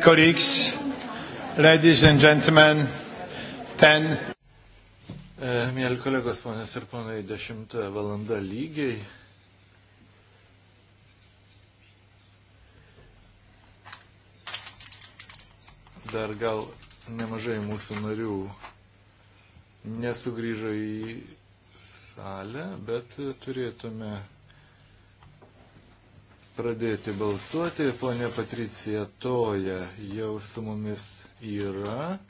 Colleagues, ladies and gentlemen, ten. E, Mėly kolegos, ponės ir ponai, 10 valanda lygiai. Dar gal nemažai mūsų narių nesugrįžo į salę, bet turėtume pradėti balsuoti. Pone Patricija Toja jau su mumis yra.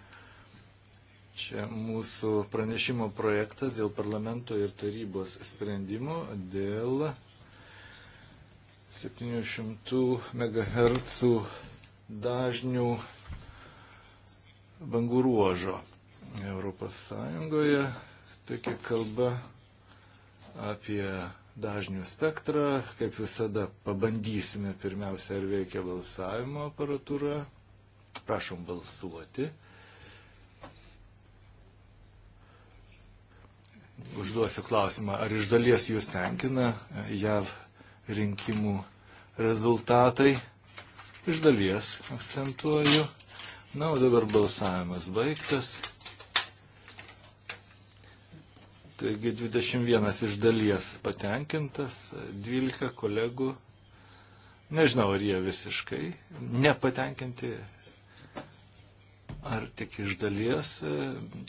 Čia mūsų pranešimo projektas dėl parlamento ir tarybos sprendimo dėl 700 MHz dažnių bangų ruožo Europos Sąjungoje. Taigi kalba apie dažnių spektrą. Kaip visada pabandysime pirmiausia, ar veikia balsavimo aparatūra. Prašom balsuoti. Užduosiu klausimą, ar iš dalies jūs tenkina JAV rinkimų rezultatai. Iš dalies akcentuoju. Na, o dabar balsavimas baigtas. Taigi 21 iš dalies patenkintas, 12 kolegų, nežinau ar jie visiškai nepatenkinti, ar tik iš dalies,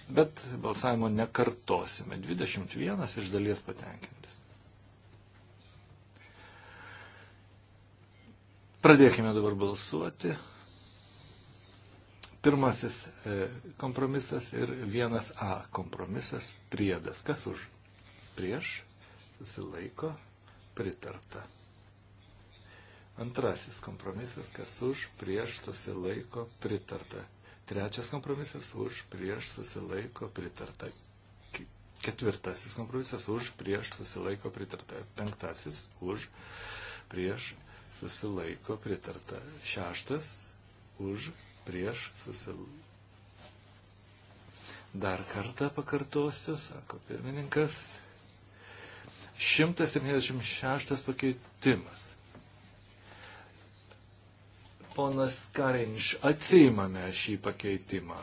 bet balsavimo nekartosime. 21 iš dalies patenkintas. Pradėkime dabar balsuoti. Pirmasis e, kompromisas ir vienas A kompromisas priedas. Kas už? Prieš susilaiko pritarta. Antrasis kompromisas, kas už, prieš susilaiko pritarta. Trečias kompromisas už, prieš susilaiko pritarta. Ketvirtasis kompromisas už, prieš susilaiko pritarta. Penktasis už, prieš susilaiko pritarta. Šeštas už, prieš susilaikė. Dar kartą pakartosiu, sako pirmininkas. 176 pakeitimas. Ponas Karinš, atsiimame šį pakeitimą.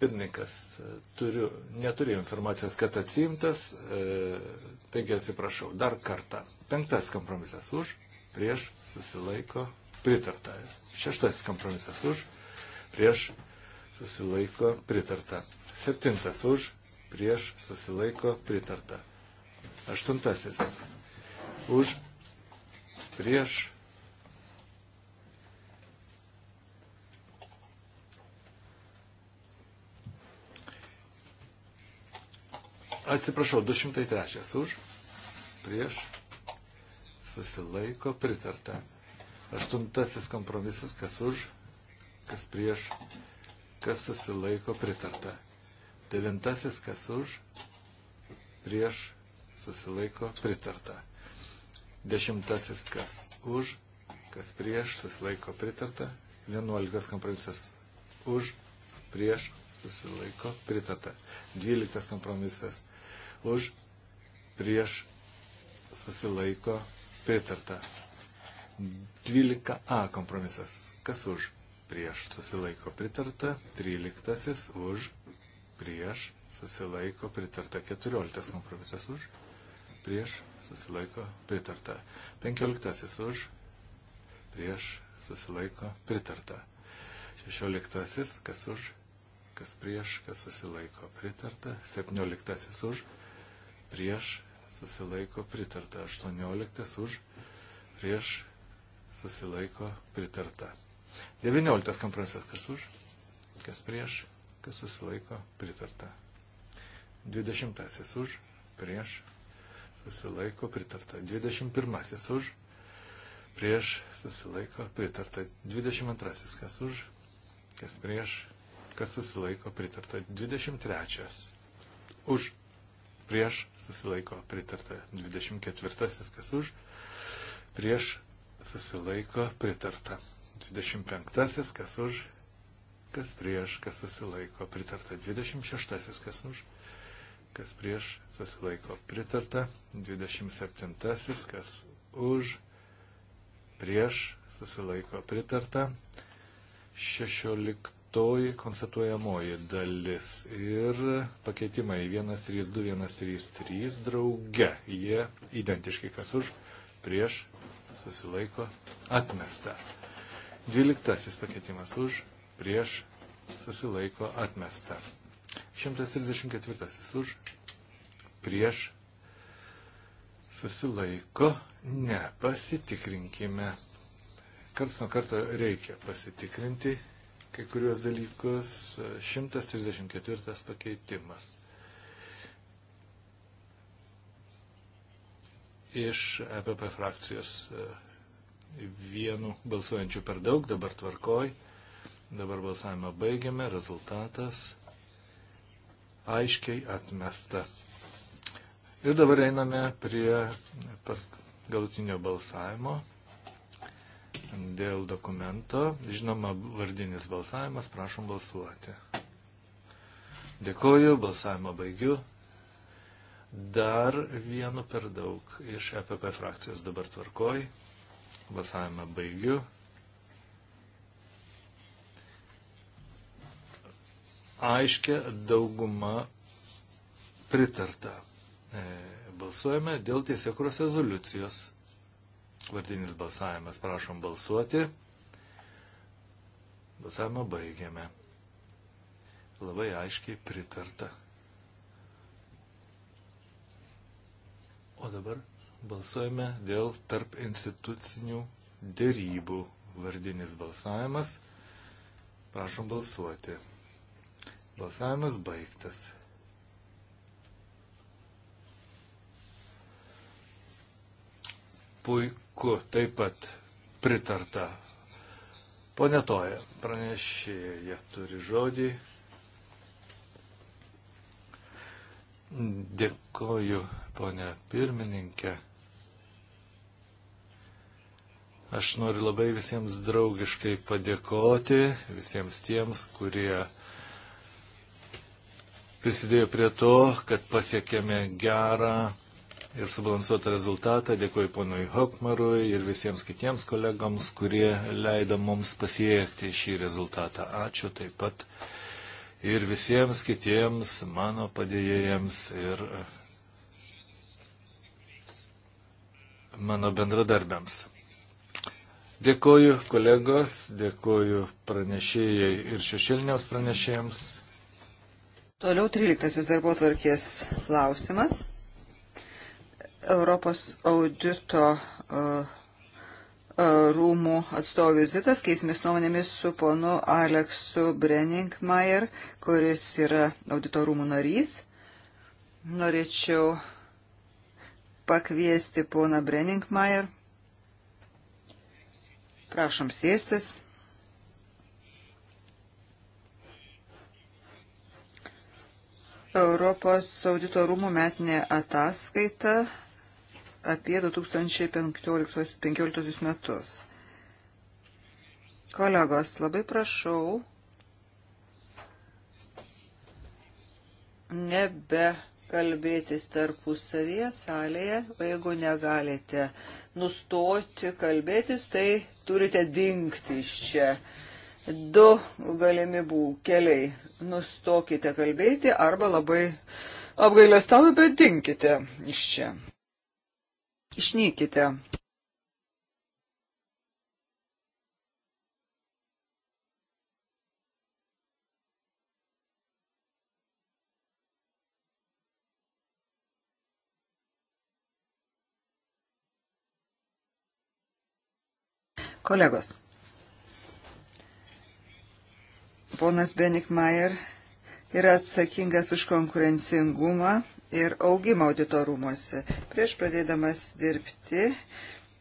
Pirmininkas, turiu, neturiu informacijos, kad atsiimtas, e, taigi atsiprašau, dar kartą. Penktas kompromisas už, prieš, susilaiko, pritarta. Šeštasis kompromisas už, prieš susilaiko pritarta. Septintas už, prieš susilaiko pritarta. Aštuntasis už, prieš Atsiprašau, 203 už, prieš, susilaiko, pritarta. Aštuntasis kompromisas, kas už, kas prieš, kas susilaiko pritarta. Devintasis, kas už, prieš, susilaiko pritarta. Dešimtasis, kas už, kas prieš, susilaiko pritarta. Vienuoliktas kompromisas už, prieš, susilaiko pritarta. Dvyliktas kompromisas už, prieš, susilaiko pritarta. 12a kompromisas. Kas už? Prieš susilaiko pritarta. 13 už. Prieš susilaiko pritarta. 14 kompromisas už. Prieš susilaiko pritarta. 15 už. Prieš susilaiko pritarta. 16 kas už. Kas prieš, kas susilaiko pritarta. 17 už. Prieš susilaiko pritarta. 18 už. Prieš susilaiko pritarta. 19 kompromisas, kas už, kas prieš, kas susilaiko pritarta. 20 už, prieš, susilaiko pritarta. 21 už, prieš, susilaiko pritarta. 22 kas už, kas prieš, kas susilaiko pritarta. 23 už, prieš, susilaiko pritarta. 24 kas už, prieš, susilaiko pritarta. 25. kas už, kas prieš, kas susilaiko pritarta. 26. kas už, kas prieš, susilaiko pritarta. 27. kas už, prieš, susilaiko pritarta. 16 penktoji konstatuojamoji dalis ir pakeitimai 132, 133 drauge. Jie identiški kas už, prieš susilaiko atmesta. Dvyliktasis pakeitimas už, prieš, susilaiko atmesta. 134 už, prieš, susilaiko, nepasitikrinkime. Karts nuo karto reikia pasitikrinti kai kuriuos dalykus. 134 pakeitimas. iš EPP frakcijos e, vienu balsuojančiu per daug, dabar tvarkoj. Dabar balsavimą baigiame, rezultatas aiškiai atmesta. Ir dabar einame prie pas galutinio balsavimo dėl dokumento. Žinoma, vardinis balsavimas, prašom balsuoti. Dėkoju, balsavimą baigiu. Dar vienu per daug iš EPP frakcijos dabar tvarkoj. Vasavimą baigiu. Aiškia dauguma pritarta. E, balsuojame dėl tiesiekros rezoliucijos. Vardinis balsavimas. Prašom balsuoti. Balsavimą baigiame. Labai aiškiai pritarta. O dabar balsuojame dėl tarp institucinių dėrybų. Vardinis balsavimas. Prašom balsuoti. Balsavimas baigtas. Puiku, taip pat pritarta. Ponetoja, pranešėja turi žodį. Dėkoju, ponė pirmininkė. Aš noriu labai visiems draugiškai padėkoti, visiems tiems, kurie prisidėjo prie to, kad pasiekėme gerą ir subalansuotą rezultatą. Dėkoju ponui Hokmarui ir visiems kitiems kolegams, kurie leido mums pasiekti šį rezultatą. Ačiū taip pat ir visiems kitiems mano padėjėjams ir e, mano bendradarbiams. Dėkoju kolegos, dėkoju pranešėjai ir šešėliniams pranešėjams. Toliau 13 darbo tvarkės klausimas. Europos audito uh, rūmų atstovų vizitas, keisimės nuomonėmis su ponu Aleksu Brenningmajer, kuris yra audito rūmų narys. Norėčiau pakviesti poną Brenningmajer. Prašom sėstis. Europos audito rūmų metinė ataskaita apie 2015 metus. Kolegos, labai prašau nebe kalbėtis tarpusavėje salėje, o jeigu negalite nustoti kalbėtis, tai turite dinkti iš čia. Du galimi bū keliai. Nustokite kalbėti arba labai apgailestauju, bet dinkite iš čia išnykite. Kolegos. Ponas Benikmajer yra atsakingas už konkurencingumą ir augimo auditorumuose. Prieš pradėdamas dirbti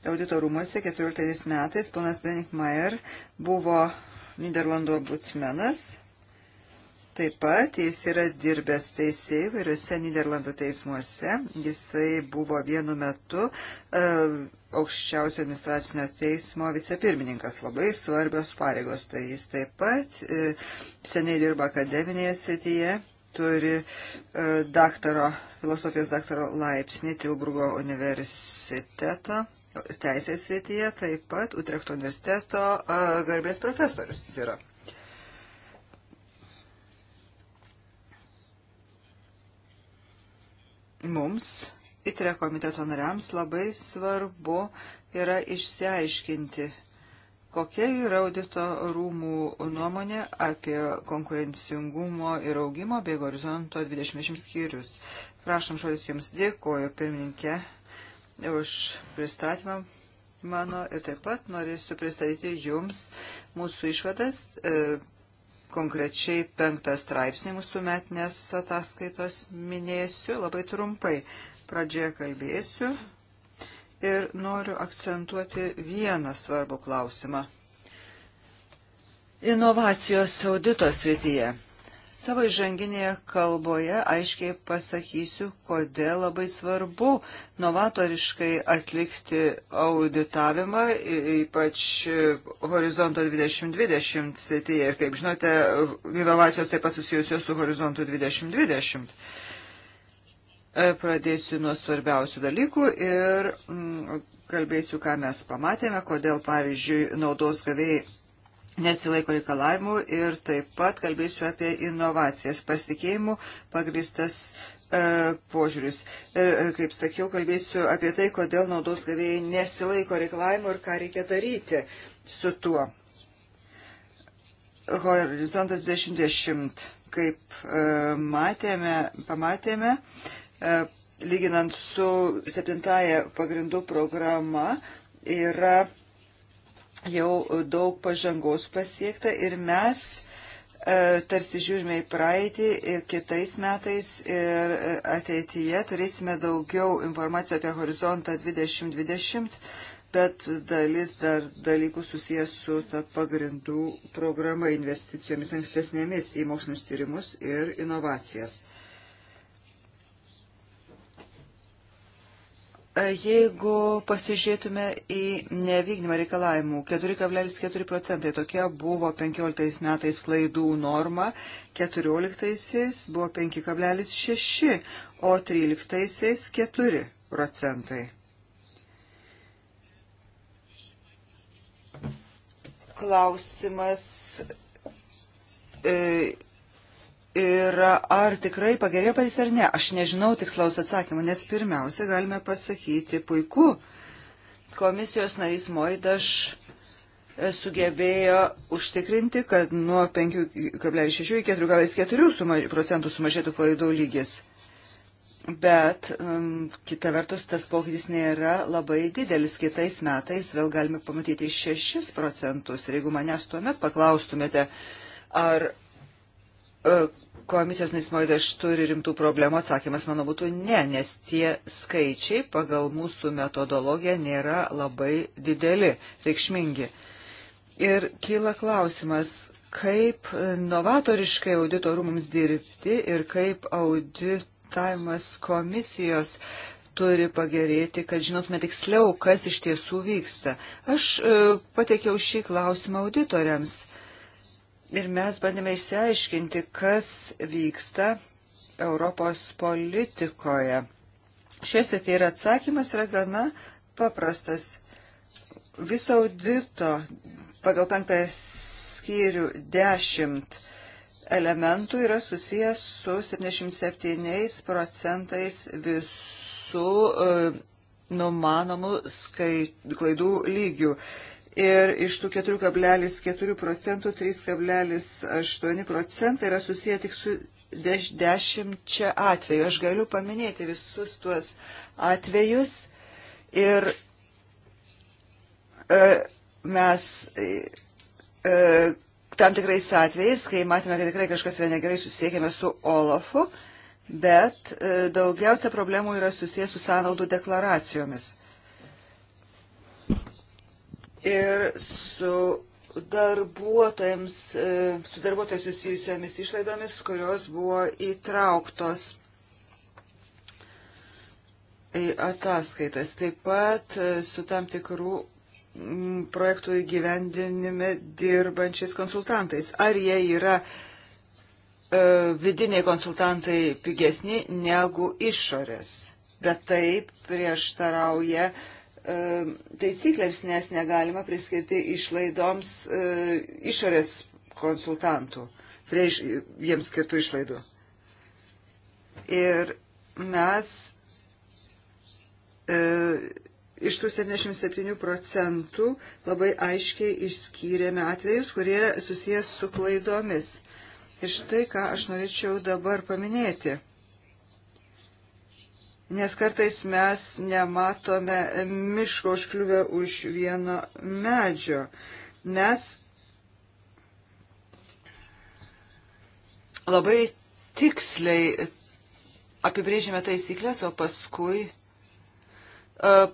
auditorumuose 14 metais ponas Beninkmaier buvo Niderlandų ombudsmenas. Taip pat jis yra dirbęs teisėjai vairiuose Niderlandų teismuose. Jisai buvo vienu metu e, aukščiausio administracinio teismo vicepirmininkas. Labai svarbios pareigos. Tai jis taip pat e, seniai dirba akademinėje srityje turi e, daktaro, filosofijos daktaro laipsnį Tilburgo universiteto teisės srityje, taip pat Utrechto universiteto e, garbės profesorius jis yra. Mums, ITRE komiteto nariams, labai svarbu yra išsiaiškinti Kokia yra audito rūmų nuomonė apie konkurencingumo ir augimo bei horizonto 20 skyrius? Prašom žodis Jums. Dėkoju, pirmininkė, už pristatymą mano ir taip pat norėsiu pristatyti Jums mūsų išvadas, e, konkrečiai penktas straipsnį mūsų metinės ataskaitos minėsiu labai trumpai. Pradžioje kalbėsiu ir noriu akcentuoti vieną svarbų klausimą. Inovacijos audito srityje. Savo įžanginėje kalboje aiškiai pasakysiu, kodėl labai svarbu novatoriškai atlikti auditavimą, ypač Horizonto 2020 srityje. Ir kaip žinote, inovacijos taip pat susijusios su Horizontu 2020. E, pradėsiu nuo svarbiausių dalykų ir mm, kalbėsiu, ką mes pamatėme, kodėl, pavyzdžiui, naudos gavėjai nesilaiko reikalavimų ir taip pat kalbėsiu apie inovacijas, pasitikėjimų pagristas e, požiūris. Ir, e, kaip sakiau, kalbėsiu apie tai, kodėl naudos gavėjai nesilaiko reikalavimų ir ką reikia daryti su tuo. Horizontas 2020, kaip e, matėme, pamatėme, e, E, lyginant su septintaja pagrindų programa, yra jau daug pažangos pasiekta ir mes e, tarsi žiūrime į praeitį e, kitais metais ir ateityje turėsime daugiau informacijos apie horizontą 2020, bet dalis dar dalykų susijęs su ta pagrindų programa investicijomis ankstesnėmis į mokslinius tyrimus ir inovacijas. Jeigu pasižiūrėtume į nevykdymą reikalavimų, 4,4 procentai tokia buvo 15 metais klaidų norma, 14 buvo 5,6, o 13 4 procentai. Klausimas. E, Ir ar tikrai pagerėjo patys ar ne, aš nežinau tikslaus atsakymą, nes pirmiausia galime pasakyti, puiku, komisijos narys Moidaš e, sugebėjo užtikrinti, kad nuo 5,6 iki 4,4 procentų sumažėtų klaidų lygis. Bet um, kita vertus, tas pokytis nėra labai didelis. Kitais metais vėl galime pamatyti 6 procentus. Ir jeigu manęs tuomet paklaustumėte, ar E, komisijos nesmoidas turi rimtų problemų, atsakymas mano būtų ne, nes tie skaičiai pagal mūsų metodologiją nėra labai dideli, reikšmingi. Ir kyla klausimas, kaip novatoriškai audito rūmams dirbti ir kaip auditavimas komisijos turi pagerėti, kad žinotume tiksliau, kas iš tiesų vyksta. Aš e, pateikiau šį klausimą auditoriams Ir mes bandėme išsiaiškinti, kas vyksta Europos politikoje. Šiais atėj ir atsakymas yra gana paprastas. Viso audito pagal penktąją skyrių dešimt elementų yra susijęs su 77 procentais visų e, numanomų skait, klaidų lygių ir iš tų 4,4 procentų 3,8 procentai yra susiję tik su dešimčia atvejų. Aš galiu paminėti visus tuos atvejus ir e, mes e, e, tam tikrais atvejais, kai matėme, kad tikrai kažkas yra negerai, susiekėme su Olafu, bet e, daugiausia problemų yra susijęs su sąnaudų deklaracijomis ir su darbuotojams, e, su darbuotojais susijusiomis išlaidomis, kurios buvo įtrauktos į ataskaitas. Taip pat e, su tam tikrų projektų įgyvendinime dirbančiais konsultantais. Ar jie yra e, vidiniai konsultantai pigesni negu išorės? Bet taip prieštarauja uh, E, taisyklėms, nes negalima priskirti išlaidoms e, išorės konsultantų prie jiems skirtų išlaidų. Ir mes e, iš tų 77 procentų labai aiškiai išskyrėme atvejus, kurie susijęs su klaidomis. Ir štai ką aš norėčiau dabar paminėti nes kartais mes nematome miško užkliuvę už vieno medžio. Mes labai tiksliai apibrėžime taisyklės, o paskui e,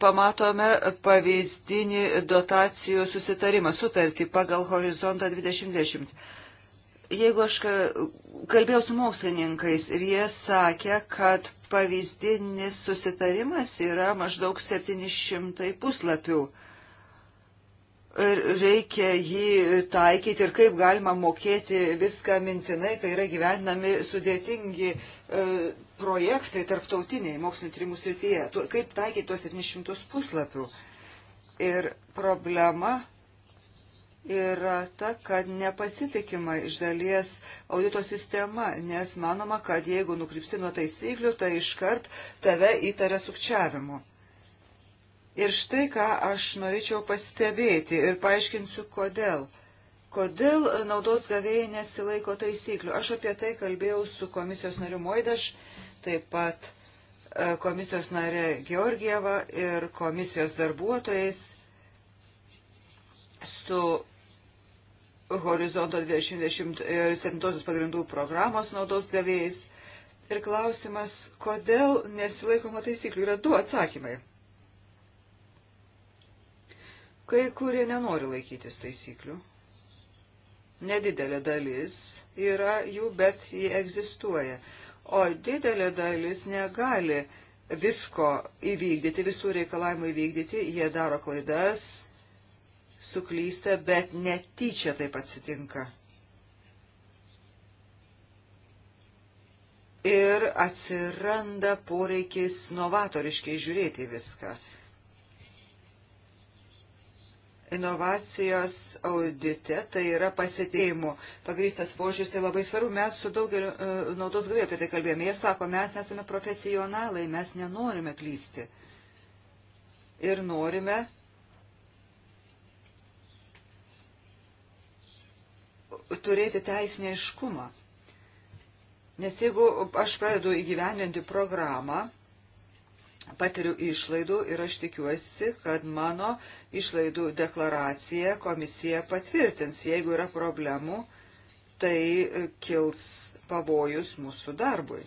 pamatome pavyzdinį dotacijų susitarimą, sutartį pagal horizontą 2020 jeigu aš e, kalbėjau su mokslininkais ir jie sakė, kad pavyzdinis susitarimas yra maždaug 700 puslapių. Ir reikia jį taikyti ir kaip galima mokėti viską mintinai, kai yra gyvenami sudėtingi e, projektai tarptautiniai mokslinio tyrimų srityje. Kaip taikyti tuos 700 puslapių? Ir problema yra ta, kad nepasitikima iš dalies audito sistema, nes manoma, kad jeigu nukrypsti nuo taisyklių, tai iškart tave įtaria sukčiavimu. Ir štai ką aš norėčiau pastebėti ir paaiškinsiu, kodėl. Kodėl naudos gavėjai nesilaiko taisyklių? Aš apie tai kalbėjau su komisijos nariu Moidaš, taip pat e, komisijos narė Georgieva ir komisijos darbuotojais su horizonto 2020 ir 7 pagrindų programos naudos gavėjais. Ir klausimas, kodėl nesilaikoma taisyklių, yra du atsakymai. Kai kurie nenori laikytis taisyklių. Nedidelė dalis yra jų, bet jie egzistuoja. O didelė dalis negali visko įvykdyti, visų reikalavimų įvykdyti, jie daro klaidas, suklysta, bet netyčia taip atsitinka. Ir atsiranda poreikis novatoriškai žiūrėti viską. Inovacijos audite tai yra pasitėjimų. Pagrįstas požiūris tai labai svarbu. Mes su daugeliu uh, naudos gavėjų apie tai kalbėjome. Jie sako, mes esame profesionalai, mes nenorime klysti. Ir norime turėti teisinę iškumą. Nes jeigu aš pradedu įgyvendinti programą, patiriu išlaidų ir aš tikiuosi, kad mano išlaidų deklaraciją komisija patvirtins. Jeigu yra problemų, tai kils pavojus mūsų darbui.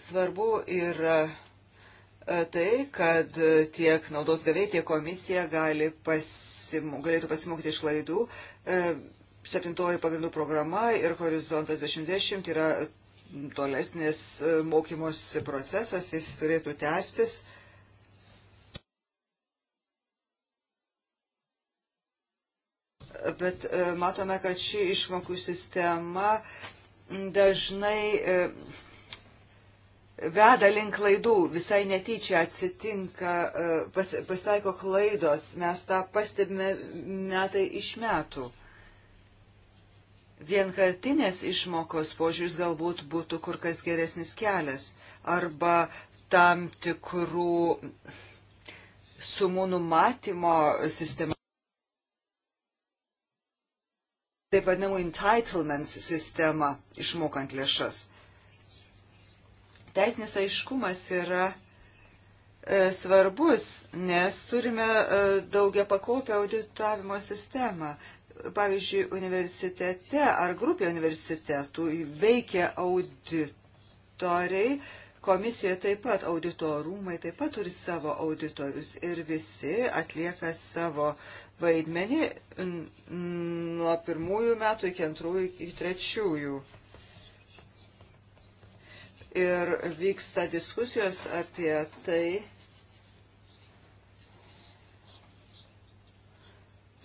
Svarbu yra E, tai, kad tiek naudos gavėjai, tiek komisija gali pasimo, galėtų pasimokyti iš klaidų. E, septintoji pagrindų programa ir horizontas 2010 yra tolesnis e, mokymosi procesas, jis turėtų tęstis. Bet matome, kad ši išmokų sistema dažnai veda link klaidų, visai netyčia atsitinka, e, pas, pasitaiko klaidos, mes tą pastebime metai iš metų. Vienkartinės išmokos požiūris galbūt būtų kur kas geresnis kelias arba tam tikrų sumų numatymo sistema. Taip vadinamų entitlements sistema išmokant lėšas. Teisinis aiškumas yra e, svarbus, nes turime e, daugia pakopę auditavimo sistemą. Pavyzdžiui, universitete ar grupė universitetų veikia auditoriai, komisijoje taip pat auditorumai taip pat turi savo auditorius ir visi atlieka savo vaidmenį nuo pirmųjų metų iki antrųjų, iki trečiųjų metų ir vyksta diskusijos apie tai.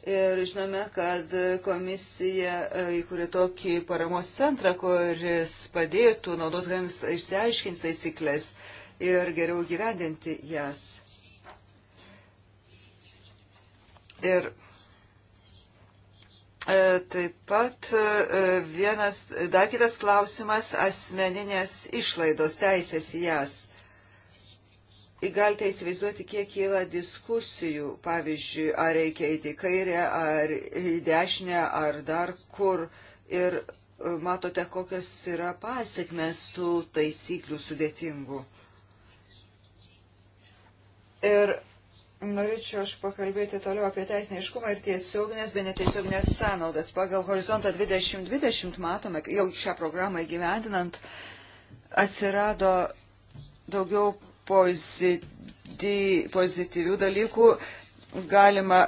Ir žinome, kad komisija įkūrė tokį paramos centrą, kuris padėtų naudos gavimams išsiaiškinti taisyklės ir geriau gyvendinti jas. Ir E, taip pat e, vienas, dar kitas klausimas - asmeninės išlaidos, teisės į jas. Galite įsivaizduoti, kiek kyla diskusijų, pavyzdžiui, ar reikia eiti į kairę, ar į dešinę, ar dar kur. Ir e, matote, kokios yra pasiekmes tų taisyklių sudėtingų. Ir Norėčiau aš pakalbėti toliau apie teisinį iškumą ir tiesioginės, bet netiesioginės sąnaudas. Pagal horizontą 2020 matome, jau šią programą įgyvendinant, atsirado daugiau pozity, pozityvių dalykų. Galima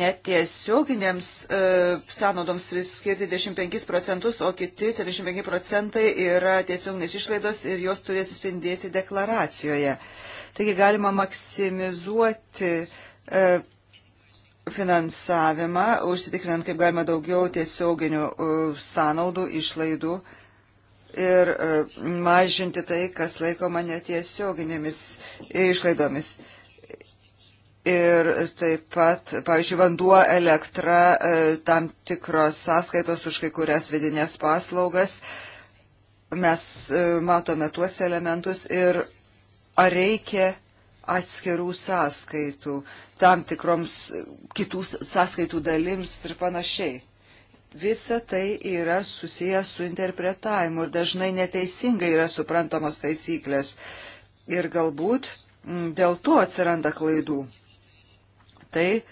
netiesioginėms e, sąnaudoms priskirti 25 procentus, o kiti 75 procentai yra tiesioginės išlaidos ir jos turės spindėti deklaracijoje. E, Taigi galima maksimizuoti e, finansavimą, užsitikrinant kaip galima daugiau tiesioginių e, sąnaudų, išlaidų ir e, mažinti tai, kas laikoma netiesioginėmis išlaidomis. Ir taip pat, pavyzdžiui, vanduo, elektra, tam tikros sąskaitos už kai kurias vidinės paslaugas. Mes matome tuos elementus ir ar reikia atskirų sąskaitų, tam tikroms kitų sąskaitų dalims ir panašiai. Visa tai yra susiję su interpretavimu ir dažnai neteisingai yra suprantamos taisyklės. Ir galbūt mm, dėl to atsiranda klaidų. Tai e,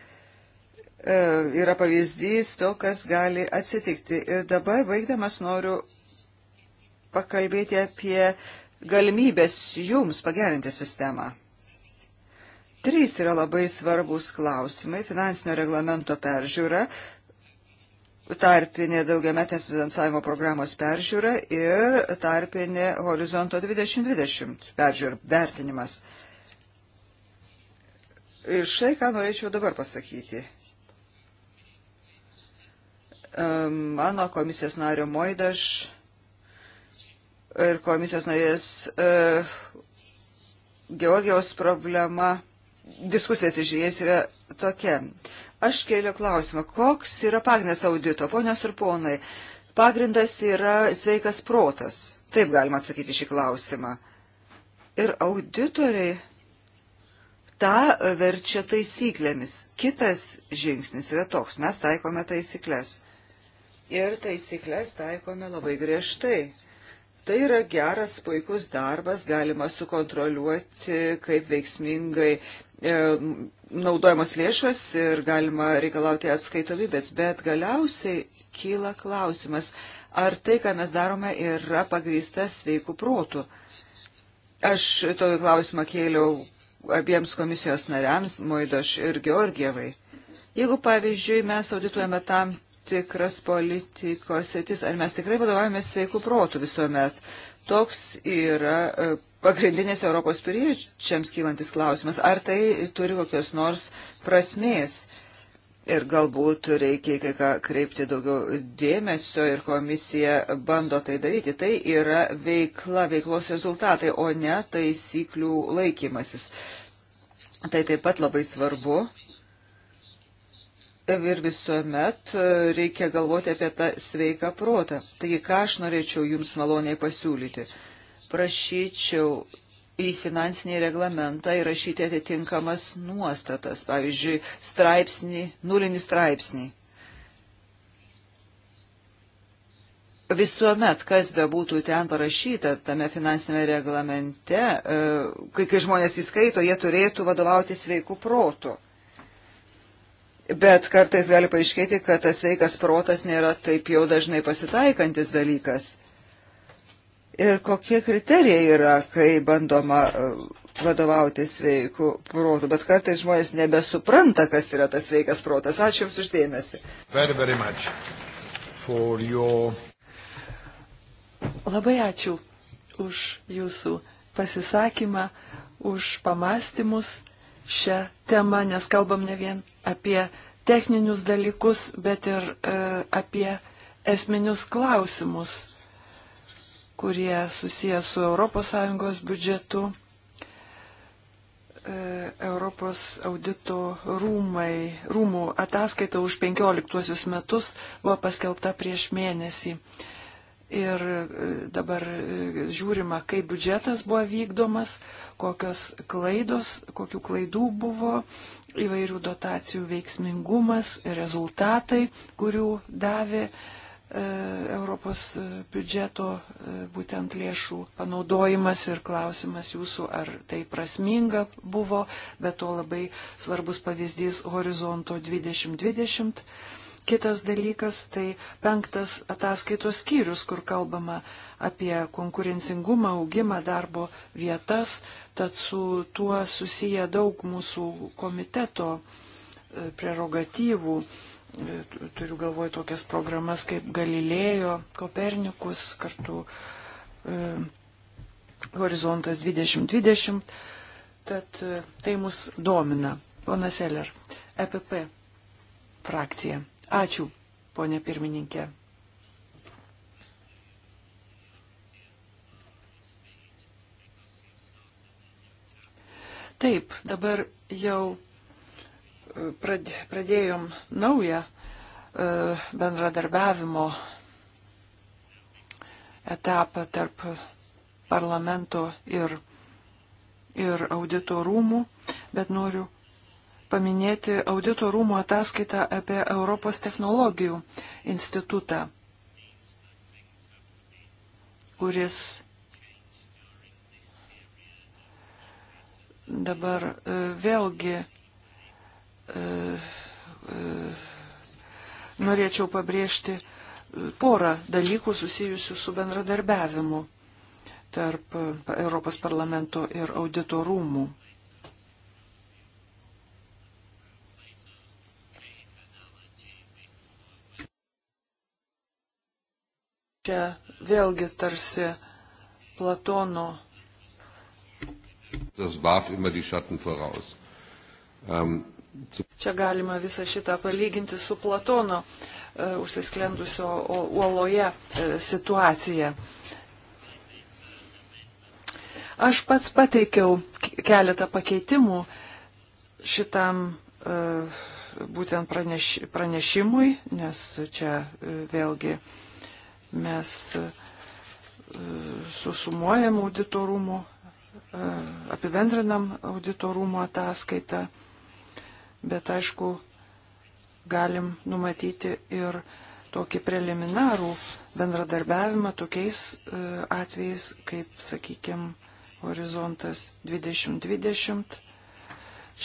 yra pavyzdys to, kas gali atsitikti. Ir dabar, baigdamas, noriu pakalbėti apie galimybės jums pagerinti sistemą. Trys yra labai svarbus klausimai – finansinio reglamento peržiūra, tarpinė daugiametės finansavimo programos peržiūra ir tarpinė horizonto 2020 peržiūra, vertinimas. Ir štai ką norėčiau dabar pasakyti. Ehm, mano komisijos nario Moidaš ir komisijos narės e, Georgijos problema diskusijas išėjęs yra tokia. Aš kėliu klausimą, koks yra pagrindas audito, ponios ir ponai? Pagrindas yra sveikas protas. Taip galima atsakyti šį klausimą. Ir auditoriai tą verčia taisyklėmis. Kitas žingsnis yra toks, mes taikome taisyklės. Ir taisyklės taikome labai griežtai. Tai yra geras, puikus darbas, galima sukontroliuoti, kaip veiksmingai e, naudojamos lėšos ir galima reikalauti atskaitomybės, bet galiausiai kyla klausimas, ar tai, ką mes darome, yra pagrįsta sveikų protų. Aš tokį klausimą kėliau abiems komisijos nariams, Moidoš ir Georgievai. Jeigu, pavyzdžiui, mes audituojame tam tikras politikos sėtis, ar mes tikrai vadovavomės sveikų protų visuomet. Toks yra e, pagrindinės Europos piliečiams kylantis klausimas. Ar tai turi kokios nors prasmės? Ir galbūt reikia kai ką kreipti daugiau dėmesio ir komisija bando tai daryti. Tai yra veikla, veiklos rezultatai, o ne taisyklių laikymasis. Tai taip pat labai svarbu ir visuomet e, reikia galvoti apie tą sveiką protą. Taigi, ką aš norėčiau jums maloniai pasiūlyti? Prašyčiau į finansinį reglamentą įrašyti atitinkamas nuostatas, pavyzdžiui, straipsnį, nulinį straipsnį. Visuomet, kas bebūtų ten parašyta tame finansinėme reglamente, e, kai, kai žmonės įskaito, jie turėtų vadovauti sveiku protu. Bet kartais gali paaiškėti, kad tas sveikas protas nėra taip jau dažnai pasitaikantis dalykas. Ir kokie kriterijai yra, kai bandoma e, vadovauti sveikų protų, bet kartais žmonės nebesupranta, kas yra tas sveikas protas. Ačiū Jums uždėmesi. Very, very your... Labai ačiū už Jūsų pasisakymą, už pamastymus šią temą, nes kalbam ne vien apie techninius dalykus, bet ir e, apie esminius klausimus, kurie susijęs su ES biudžetu. E, Europos audito rūmai, rūmų ataskaita už 15 metus buvo paskelbta prieš mėnesį. Ir e, dabar žiūrima, kaip biudžetas buvo vykdomas, kokios klaidos, kokių klaidų buvo įvairių dotacijų veiksmingumas, rezultatai, kurių davė e, Europos e, biudžeto e, būtent lėšų panaudojimas ir klausimas jūsų, ar tai prasminga buvo, bet to labai svarbus pavyzdys horizonto 2020. Kitas dalykas tai penktas ataskaitos skyrius, kur kalbama apie konkurencingumą, augimą, darbo vietas, Tad su tuo susiję daug mūsų komiteto e, prerogatyvų. E, turiu galvoje tokias programas kaip Galilėjo, Kopernikus, kartu e, Horizontas 2020. Tad e, tai mus domina. Pona Seller, EPP frakcija. Ačiū, ponė pirmininkė. Taip, dabar jau e, pradėjom naują e, bendradarbiavimo etapą tarp parlamento ir, ir auditorumų, bet noriu paminėti auditorumų ataskaitą apie Europos technologijų institutą, kuris dabar e, vėlgi e, e, norėčiau pabrėžti porą dalykų susijusių su bendradarbiavimu tarp Europos parlamento ir audito rūmų. Čia vėlgi tarsi Platono Ähm, čia galima visą šitą palyginti su Platono uh, užsisklendusio uoloje uh, situacija. Aš pats pateikiau keletą pakeitimų šitam uh, būtent praneš, pranešimui, nes čia vėlgi mes susumuojam auditorumų E, apibendrinam auditorumo ataskaitą, bet aišku, galim numatyti ir tokį preliminarų bendradarbiavimą tokiais e, atvejais, kaip, sakykime, horizontas 2020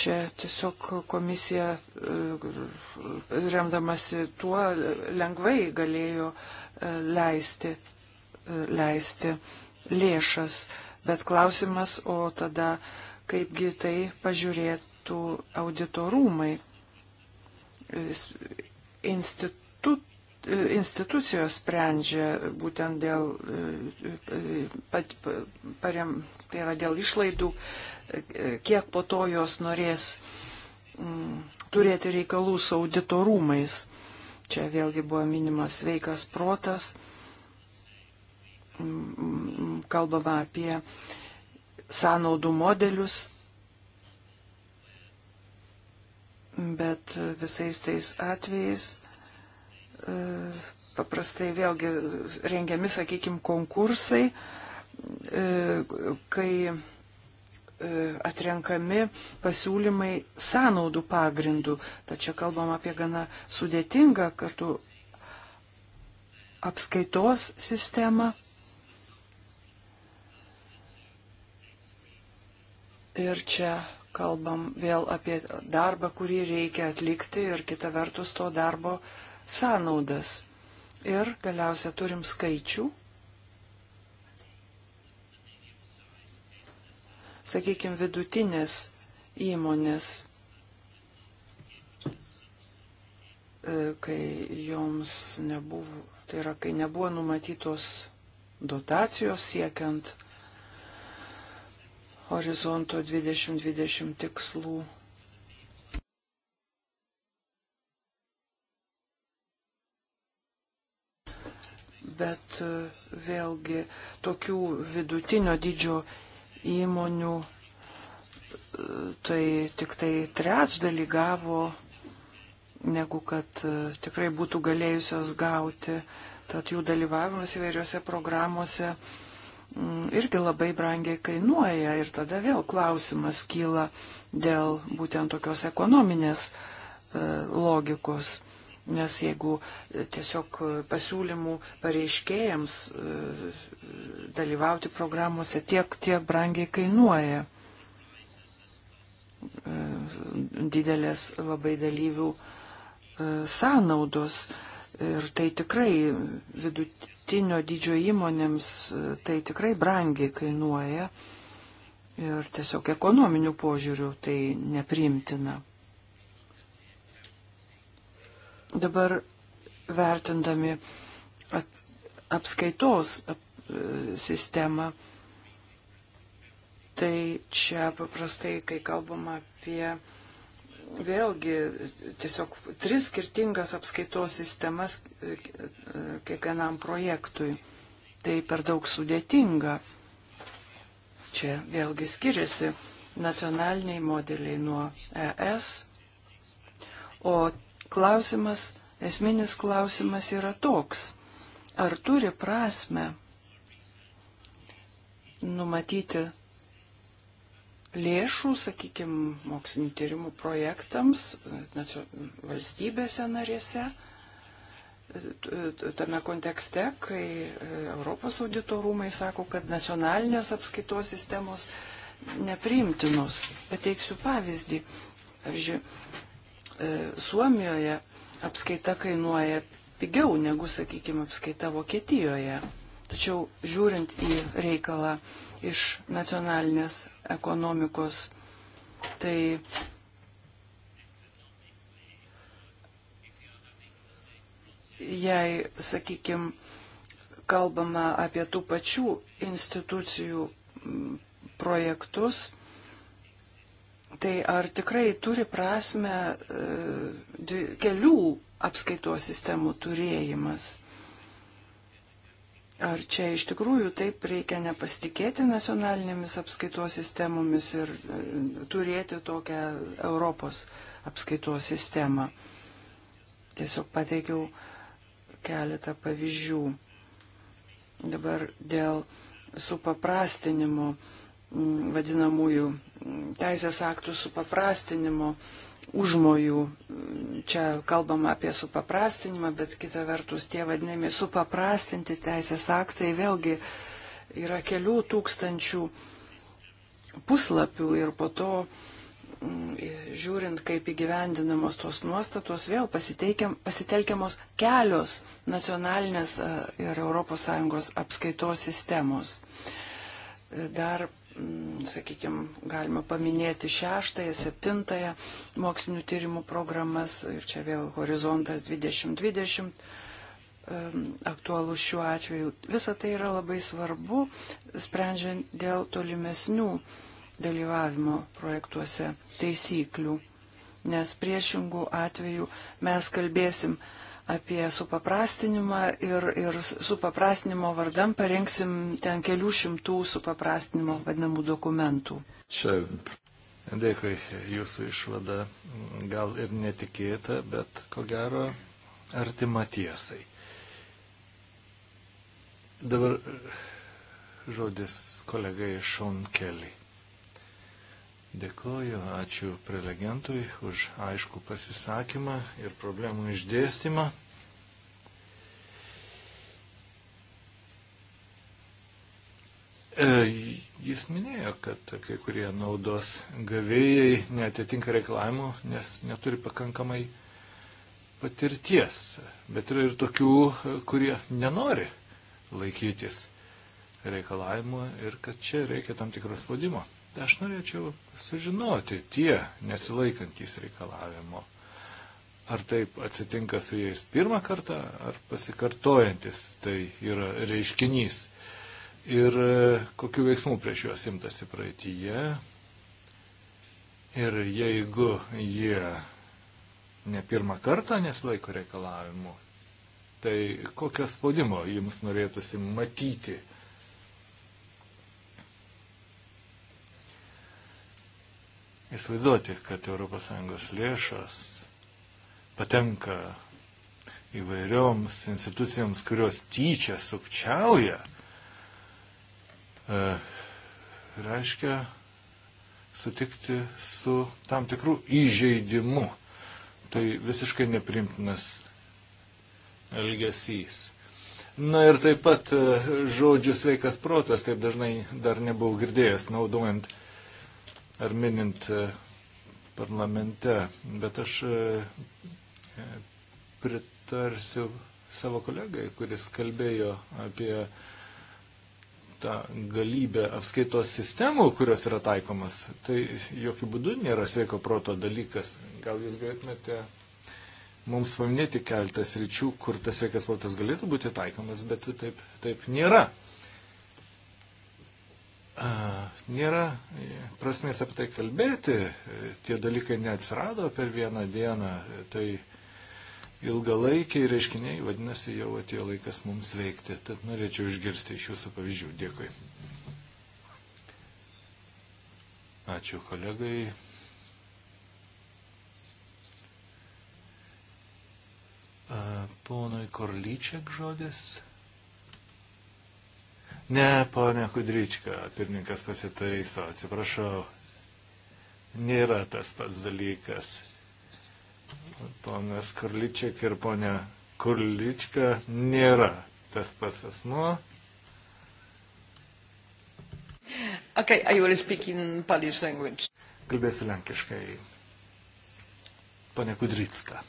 čia tiesiog komisija, e, remdamasi tuo, lengvai galėjo leisti, leisti lėšas Bet klausimas, o tada kaipgi tai pažiūrėtų auditorumai, institu, institucijos sprendžia būtent dėl, e, e, pat, parem, tai yra dėl išlaidų, e, kiek po to jos norės m, mm, turėti reikalų su auditorumais. Čia vėlgi buvo minimas veikas protas kalbama apie sąnaudų modelius, bet visais tais atvejais e, paprastai vėlgi rengiami, sakykime, konkursai, e, kai e, atrenkami pasiūlymai sąnaudų pagrindų. Tačiau kalbam apie gana sudėtingą kartu apskaitos sistemą Ir čia kalbam vėl apie darbą, kurį reikia atlikti ir kita vertus to darbo sąnaudas. Ir galiausia turim skaičių. Sakykime, vidutinės įmonės, e, kai joms nebuvo, tai yra, kai nebuvo numatytos dotacijos siekiant horizonto 2020 tikslų. Bet e, vėlgi tokių vidutinio dydžio įmonių e, tai tik tai trečdalį gavo, negu kad e, tikrai būtų galėjusios gauti. Tad jų dalyvavimas įvairiose programuose uh, Mm, irgi labai brangiai kainuoja ir tada vėl klausimas kyla dėl būtent tokios ekonominės e, logikos. Nes jeigu e, tiesiog e, pasiūlymų pareiškėjams dalyvauti programuose tiek, tiek brangiai kainuoja didelės labai dalyvių sąnaudos ir tai tikrai vidut, vidutinio dydžio įmonėms e, tai tikrai brangiai kainuoja ir tiesiog ekonominių požiūrių tai nepriimtina. Dabar vertindami apskaitos e, sistemą, tai čia paprastai, kai kalbama apie vėlgi tiesiog tris skirtingas apskaitos sistemas e, kiekvienam projektui. Tai per daug sudėtinga. Čia vėlgi skiriasi nacionaliniai modeliai nuo ES. O klausimas, esminis klausimas yra toks, ar turi prasme numatyti lėšų, sakykime, mokslinio tyrimų projektams e, valstybėse narėse. E, tame kontekste, kai e, Europos auditorumai sako, kad nacionalinės apskaitos sistemos nepriimtinos. Pateiksiu pavyzdį. Pavyzdžiui, Suomijoje apskaita kainuoja pigiau negu, sakykime, apskaita Vokietijoje. Tačiau žiūrint į reikalą iš nacionalinės ekonomikos. Tai jei, sakykime, kalbama apie tų pačių institucijų projektus, tai ar tikrai turi prasme e, kelių apskaitos sistemų turėjimas? Ar čia iš tikrųjų taip reikia nepasitikėti nacionalinėmis apskaitos sistemomis ir e, turėti tokią Europos apskaitos sistemą? Tiesiog pateikiau keletą pavyzdžių. Dabar dėl supaprastinimo, vadinamųjų teisės aktų supaprastinimo užmojų. Čia kalbama apie supaprastinimą, bet kita vertus tie vadinami supaprastinti teisės aktai vėlgi yra kelių tūkstančių puslapių ir po to mm, žiūrint, kaip įgyvendinamos tos nuostatos, vėl pasitelkiamos kelios nacionalinės e, ir ES apskaitos sistemos. Dar Mm, sakykime, galima paminėti šeštąją, septintąją mokslinių tyrimų programas ir čia vėl horizontas 2020 aktualus šiuo atveju. Visa tai yra labai svarbu, sprendžiant dėl tolimesnių dalyvavimo projektuose taisyklių, nes priešingų atveju mes kalbėsim apie supaprastinimą ir, ir supaprastinimo vardan parengsim ten kelių šimtų supaprastinimo vadinamų dokumentų. Čia dėkui, jūsų išvada gal ir netikėta, bet ko gero artima tiesai. Dabar žodis kolegai Šonkelį. Dėkoju, ačiū prelegentui už aišku pasisakymą ir problemų išdėstymą. E, jis minėjo, kad kai kurie naudos gavėjai netitinka reikalavimų, nes neturi pakankamai patirties, bet yra ir tokių, kurie nenori laikytis reikalavimų ir kad čia reikia tam tikros spaudimo. Tai aš norėčiau sužinoti tie nesilaikantys reikalavimo. Ar taip atsitinka su jais pirmą kartą, ar pasikartojantis tai yra reiškinys. Ir e, kokiu veiksmu prieš juos imtasi praeitįje. Ir jeigu jie ne pirmą kartą nesilaiko reikalavimų, tai kokią spaudimo jums norėtųsi matyti įsivaizduoti, kad ES lėšas patenka įvairioms institucijoms, kurios tyčia sukčiauja, e, reiškia sutikti su tam tikrų įžeidimu. Tai visiškai neprimtinas elgesys. Na ir taip pat e, žodžių sveikas protas, taip dažnai dar nebuvau girdėjęs, naudojant uh, ar minint e, parlamente, bet aš e, e, pritarsiu savo kolegai, kuris kalbėjo apie tą galybę apskaitos sistemų, kurios yra taikomas, tai jokių būdų nėra sveiko proto dalykas. Gal jūs galėtumėte mums paminėti keltas ryčių, kur tas sveikas protas galėtų būti taikomas, bet taip, taip nėra nėra prasmės apie tai kalbėti, tie dalykai neatsirado per vieną dieną, tai ilgalaikiai reiškiniai, vadinasi, jau atėjo laikas mums veikti. Tad norėčiau išgirsti iš jūsų pavyzdžių. Dėkui. Ačiū kolegai. Ponui Korlyčiak žodis. Ne, ponia Kudryčka, pirmininkas pasitaiso, atsiprašau. Nėra tas pats dalykas. Ponas Kurličiak ir ponia Kurlička nėra tas pats asmuo. Okay, I will speak in Polish language. Kalbėsiu lenkiškai. Pane Kudrycka.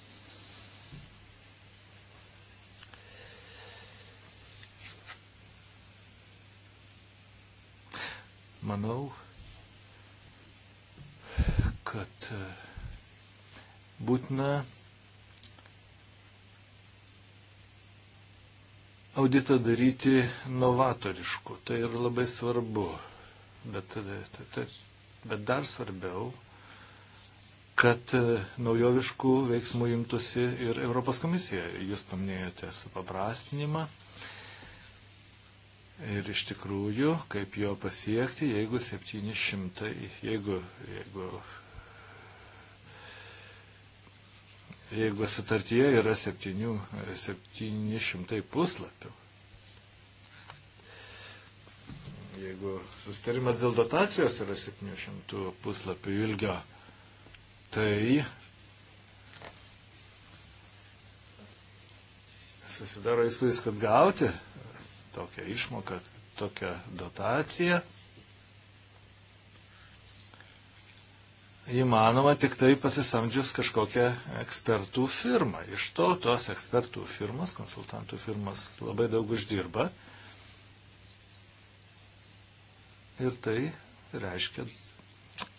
Manau, kad e, būtina auditą daryti novatorišku. Tai yra labai svarbu. Bet, bet, bet dar svarbiau, kad e, naujoviškų veiksmų imtųsi ir Europos komisija. Jūs paminėjote supaprastinimą. Ir iš tikrųjų, kaip jo pasiekti, jeigu 700, jeigu, jeigu, jeigu sutartyje yra 7, 700 puslapių. Jeigu sustarimas dėl dotacijos yra 700 puslapių ilgio, tai susidaro įspūdis, kad gauti tokią išmoką, tokią dotaciją. Įmanoma tik tai pasisamdžius kažkokią ekspertų firmą. Iš to tos ekspertų firmas, konsultantų firmas labai daug uždirba. Ir tai reiškia,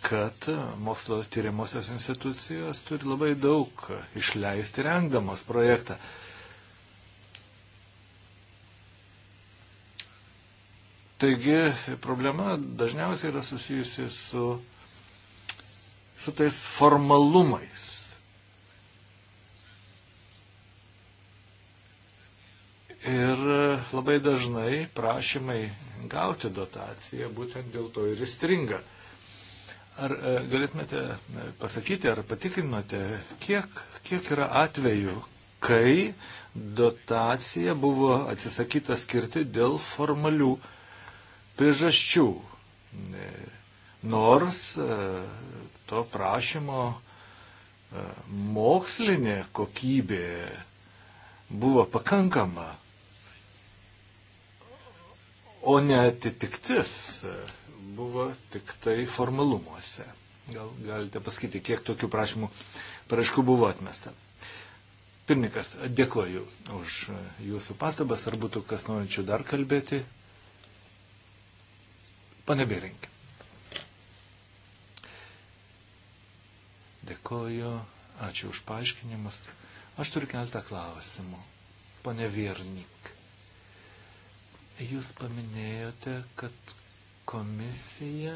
kad mokslo tyrimosios institucijos turi labai daug išleisti rengdamos projektą. Taigi problema dažniausiai yra susijusi su, su tais formalumais. Ir labai dažnai prašymai gauti dotaciją būtent dėl to ir įstringa. Ar e, galėtumėte e, pasakyti, ar patikrinote, kiek, kiek yra atvejų, kai dotacija buvo atsisakyta skirti dėl formalių priežasčių. Nors e, to prašymo e, mokslinė kokybė buvo pakankama, o netitiktis e, buvo tik tai formalumuose. Gal galite pasakyti, kiek tokių prašymų paraiškų buvo atmesta. Pirmininkas, dėkoju už jūsų pastabas, ar būtų kas norinčių dar kalbėti Pane Bėrink. Dėkoju, ačiū už paaiškinimus. Aš turiu keltą klausimų. Pane Viernik, jūs paminėjote, kad komisija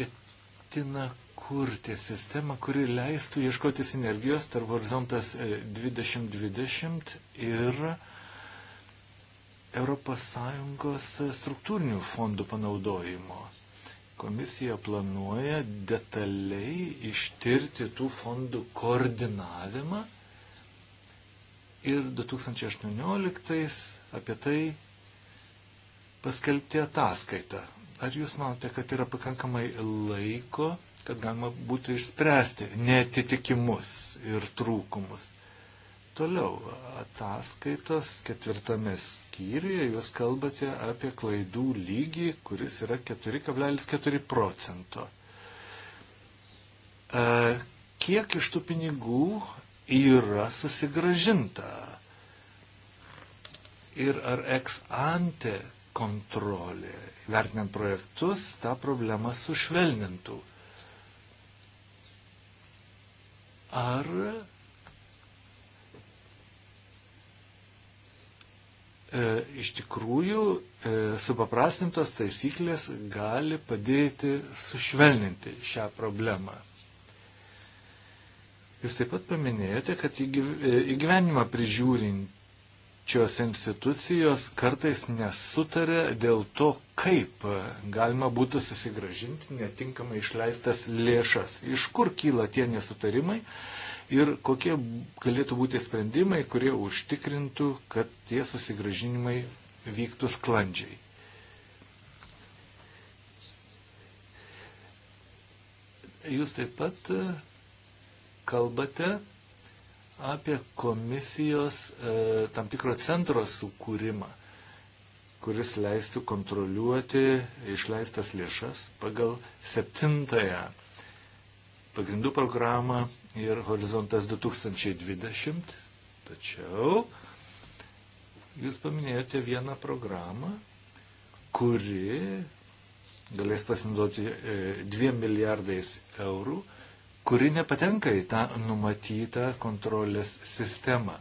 ketina kurti sistemą, kuri leistų ieškoti sinergijos tarp horizontas 2020 e, ir ES struktūrinių fondų panaudojimo. Komisija planuoja detaliai ištirti tų fondų koordinavimą ir 2018 apie tai paskelbti ataskaitą. Ar jūs manote, kad yra pakankamai laiko, kad galima būtų išspręsti netitikimus ir trūkumus? Toliau ataskaitos ketvirtame skyriuje jūs kalbate apie klaidų lygį, kuris yra 4,4 procento. E, kiek iš tų pinigų yra susigražinta? Ir ar ex ante kontrolė, vertinant projektus, tą problemą sušvelnintų? Ar E, iš tikrųjų e, supaprastintos taisyklės gali padėti sušvelninti šią problemą. Jūs taip pat paminėjote, kad įgyvenimą e, prižiūrinčios institucijos kartais nesutarė dėl to, kaip galima būtų susigražinti netinkamai išleistas lėšas. Iš kur kyla tie nesutarimai? Uh, ir kokie galėtų būti sprendimai, kurie užtikrintų, kad tie susigražinimai vyktų sklandžiai. Jūs taip pat e, kalbate apie komisijos e, tam tikro centro sukūrimą, kuris leistų kontroliuoti išleistas lėšas pagal septintąją pagrindų programą ir horizontas 2020. Tačiau jūs paminėjote vieną programą, kuri galės pasinaudoti 2 e, milijardais eurų, kuri nepatenka į tą numatytą kontrolės sistemą.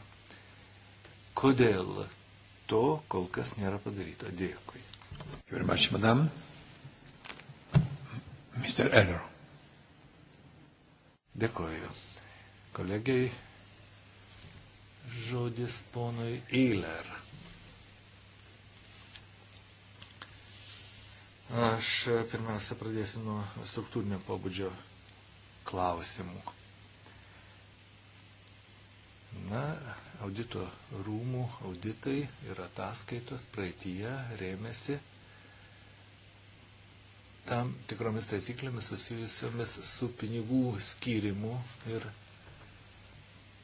Kodėl to kol kas nėra padaryta? Dėkui. Very much, madam. Mr. Eller. Dėkoju. Kolegiai, žodis ponui Eiler. Aš e, pirmiausia pradėsiu nuo struktūrinio pobūdžio klausimų. Na, audito rūmų auditai ir ataskaitos praeitie rėmėsi tam tikromis taisyklėmis susijusiomis su pinigų skirimu ir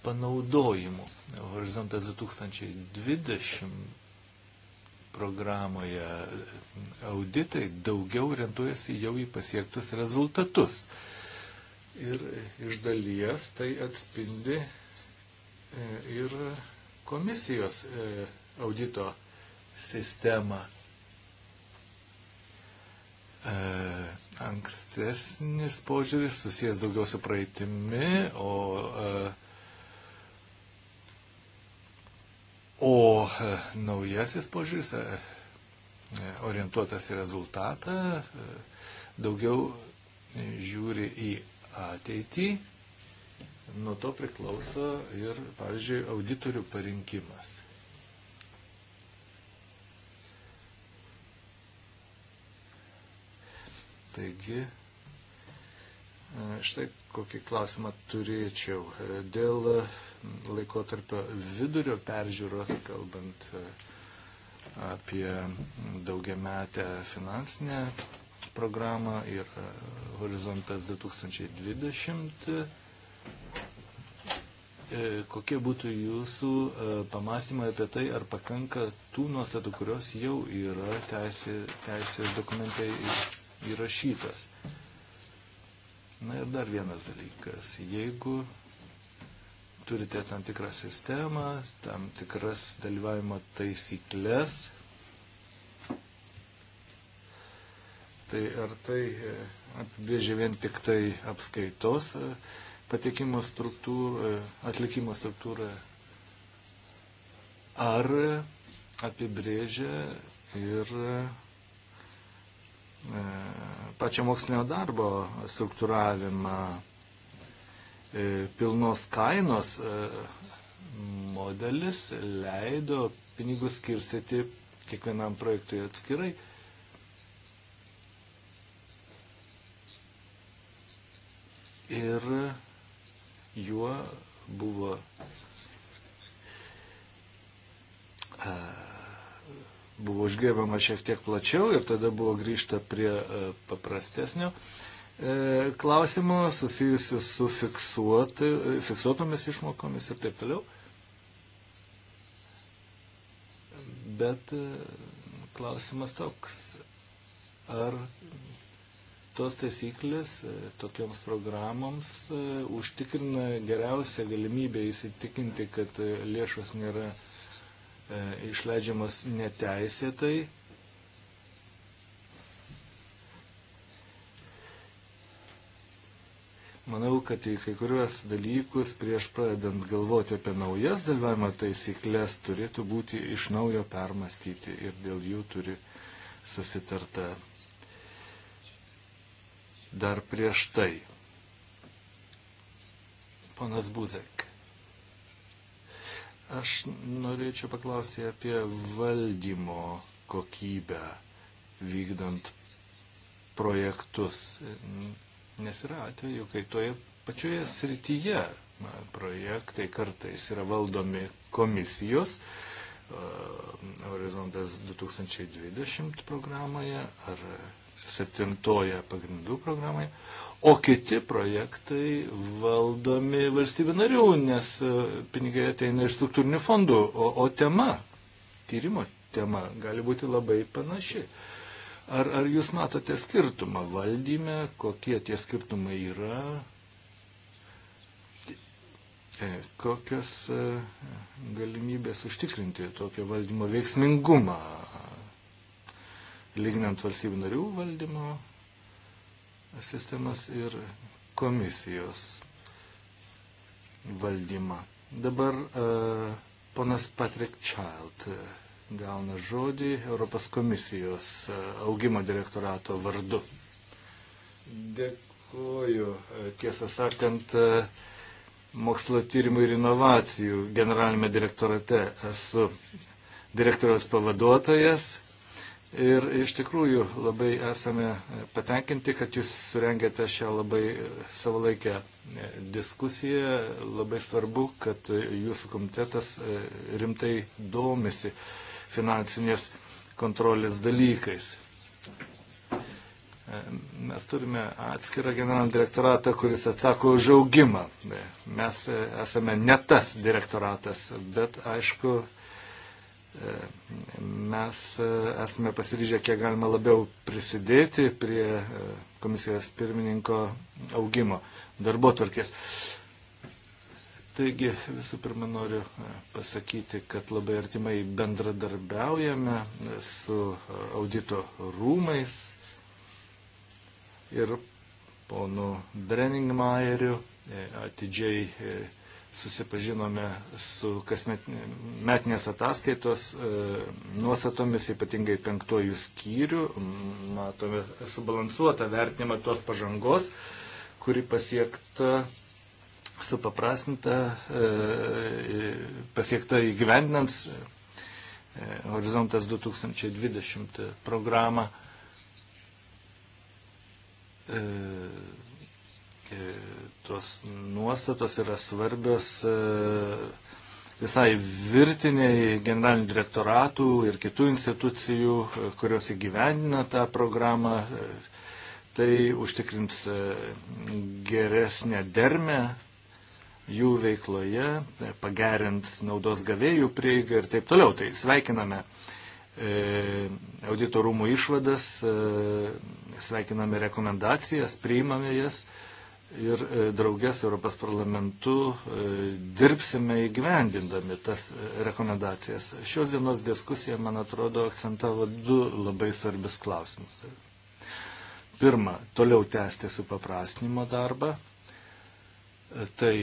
panaudojimu. Horizontas 2020 programoje auditai daugiau orientuojasi jau į pasiektus rezultatus. Ir iš dalies tai atspindi e, ir komisijos e, audito sistemą E, ankstesnis požiūris susijęs daugiau su praeitimi, o, e, o e, naujasis požiūris orientuotas į rezultatą, daugiau žiūri į ateitį, nuo to priklauso ir, pavyzdžiui, auditorių parinkimas. Taigi, e, štai kokį klausimą turėčiau. E, dėl e, laikotarpio vidurio peržiūros, kalbant apie daugiametę finansinę programą ir horizontas 2020, kokie būtų jūsų pamastymai apie tai, ar pakanka tų nuostatų, kurios jau yra teisė, teisės dokumentai įrašytas. Na ir dar vienas dalykas. Jeigu turite tam tikrą sistemą, tam tikras dalyvavimo taisyklės, tai ar tai e, apibrėžia vien tik tai apskaitos e, patekimo struktūrą, e, atlikimo struktūrą, ar apibrėžia ir E, pačio mokslinio darbo struktūravimą e, pilnos kainos e, modelis leido pinigus skirstyti kiekvienam projektui atskirai. Ir juo buvo buvo užgriebama šiek tiek plačiau ir tada buvo grįžta prie e, paprastesnio e, klausimo susijusiu su fiksuoti, fiksuotomis išmokomis ir taip toliau. Bet e, klausimas toks, ar tos taisyklės tokioms programoms užtikrina geriausią galimybę įsitikinti, kad lėšos nėra E, išleidžiamas neteisėtai. Manau, kad į kai kuriuos dalykus prieš pradedant galvoti apie naujas dalyvavimo taisyklės turėtų būti iš naujo permastyti ir dėl jų turi susitarta dar prieš tai. Ponas Buzek. Aš norėčiau paklausti apie valdymo kokybę vykdant projektus. Nes yra atveju, kai toje pačioje srityje projektai kartais yra valdomi komisijos, Horizontas 2020 programoje ar septintoje pagrindų programoje, o kiti projektai valdomi valstybių narių, nes e, pinigai ateina iš struktūrinių fondų, o, o tema, tyrimo tema gali būti labai panaši. Ar, ar jūs matote skirtumą valdyme, kokie tie skirtumai yra, e, kokios e, galimybės užtikrinti tokio valdymo veiksmingumą, lyginant valstybių narių valdymo sistemas ir komisijos valdymą. Dabar uh, ponas Patrick Child e, gauna žodį Europos komisijos uh, augimo direktorato vardu. Dėkuoju. Tiesą sakant, mokslo tyrimų ir inovacijų generalinėme direktorate esu direktoriaus pavaduotojas Ir iš tikrųjų labai esame patenkinti, kad jūs surengėte šią labai savalaikę e, diskusiją. Labai svarbu, kad jūsų komitetas e, rimtai domisi finansinės kontrolės dalykais. E, mes turime atskirą generalinį direktoratą, kuris atsako už augimą. Mes esame ne tas direktoratas, bet aišku, Mes e, esame pasiryžę kiek galima labiau prisidėti prie e, komisijos pirmininko augimo darbo tvarkės. Taigi visų pirma noriu e, pasakyti, kad labai artimai bendradarbiaujame su audito rūmais ir ponu Brenningmajeriu atidžiai susipažinome su kasmetinės ataskaitos e, nuostatomis, ypatingai penktojų skyrių, matome subalansuotą vertinimą tos pažangos, kuri pasiekta supaprastinta, e, pasiekta įgyvendinant e, Horizontas 2020 programą E, tos nuostatos yra svarbios e, visai virtiniai generalinių direktoratų ir kitų institucijų, e, kurios įgyvendina tą programą. Tai užtikrins geresnę dermę jų veikloje, pagerins naudos gavėjų prieigą ir taip toliau. Tai sveikiname auditorumų išvadas, sveikiname rekomendacijas, priimame jas ir e, draugės Europos parlamentu e, dirbsime įgyvendindami tas e, rekomendacijas. Šios dienos diskusija, man atrodo, akcentavo du labai svarbius klausimus. Pirma, toliau tęsti su paprastinimo darbą. Tai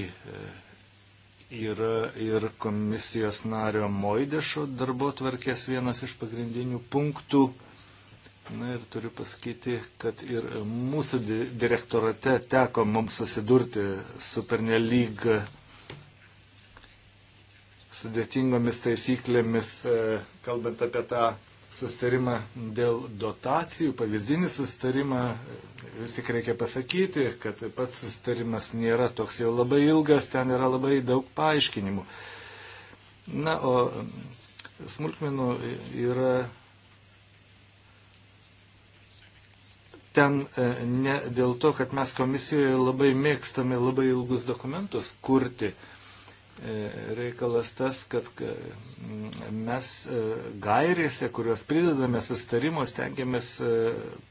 yra ir komisijos nario Moidešo darbo tvarkės vienas iš pagrindinių punktų Na ir turiu pasakyti, kad ir mūsų direktorate teko mums susidurti su pernelyg sudėtingomis taisyklėmis, e, kalbant apie tą sustarimą dėl dotacijų, pavyzdinį sustarimą, vis tik reikia pasakyti, kad pats sustarimas nėra toks jau labai ilgas, ten yra labai daug paaiškinimų. Na, o smulkmenų yra ten e, ne dėl to, kad mes komisijoje labai mėgstame labai ilgus dokumentus kurti. E, reikalas tas, kad mes e, gairėse, kuriuos pridedame sustarimus, tengiamės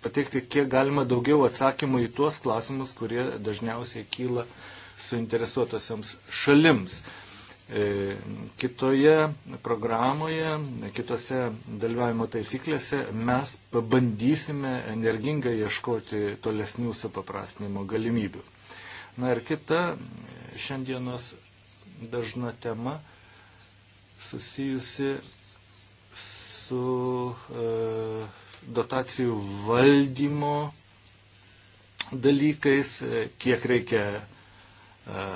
pateikti kiek galima daugiau atsakymų į tuos klausimus, kurie dažniausiai kyla suinteresuotosioms šalims. E, kitoje programoje, kitose dalyvavimo taisyklėse mes pabandysime energingai ieškoti tolesnių supaprastinimo galimybių. Na ir kita šiandienos dažna tema susijusi su e, dotacijų valdymo dalykais, e, kiek reikia e,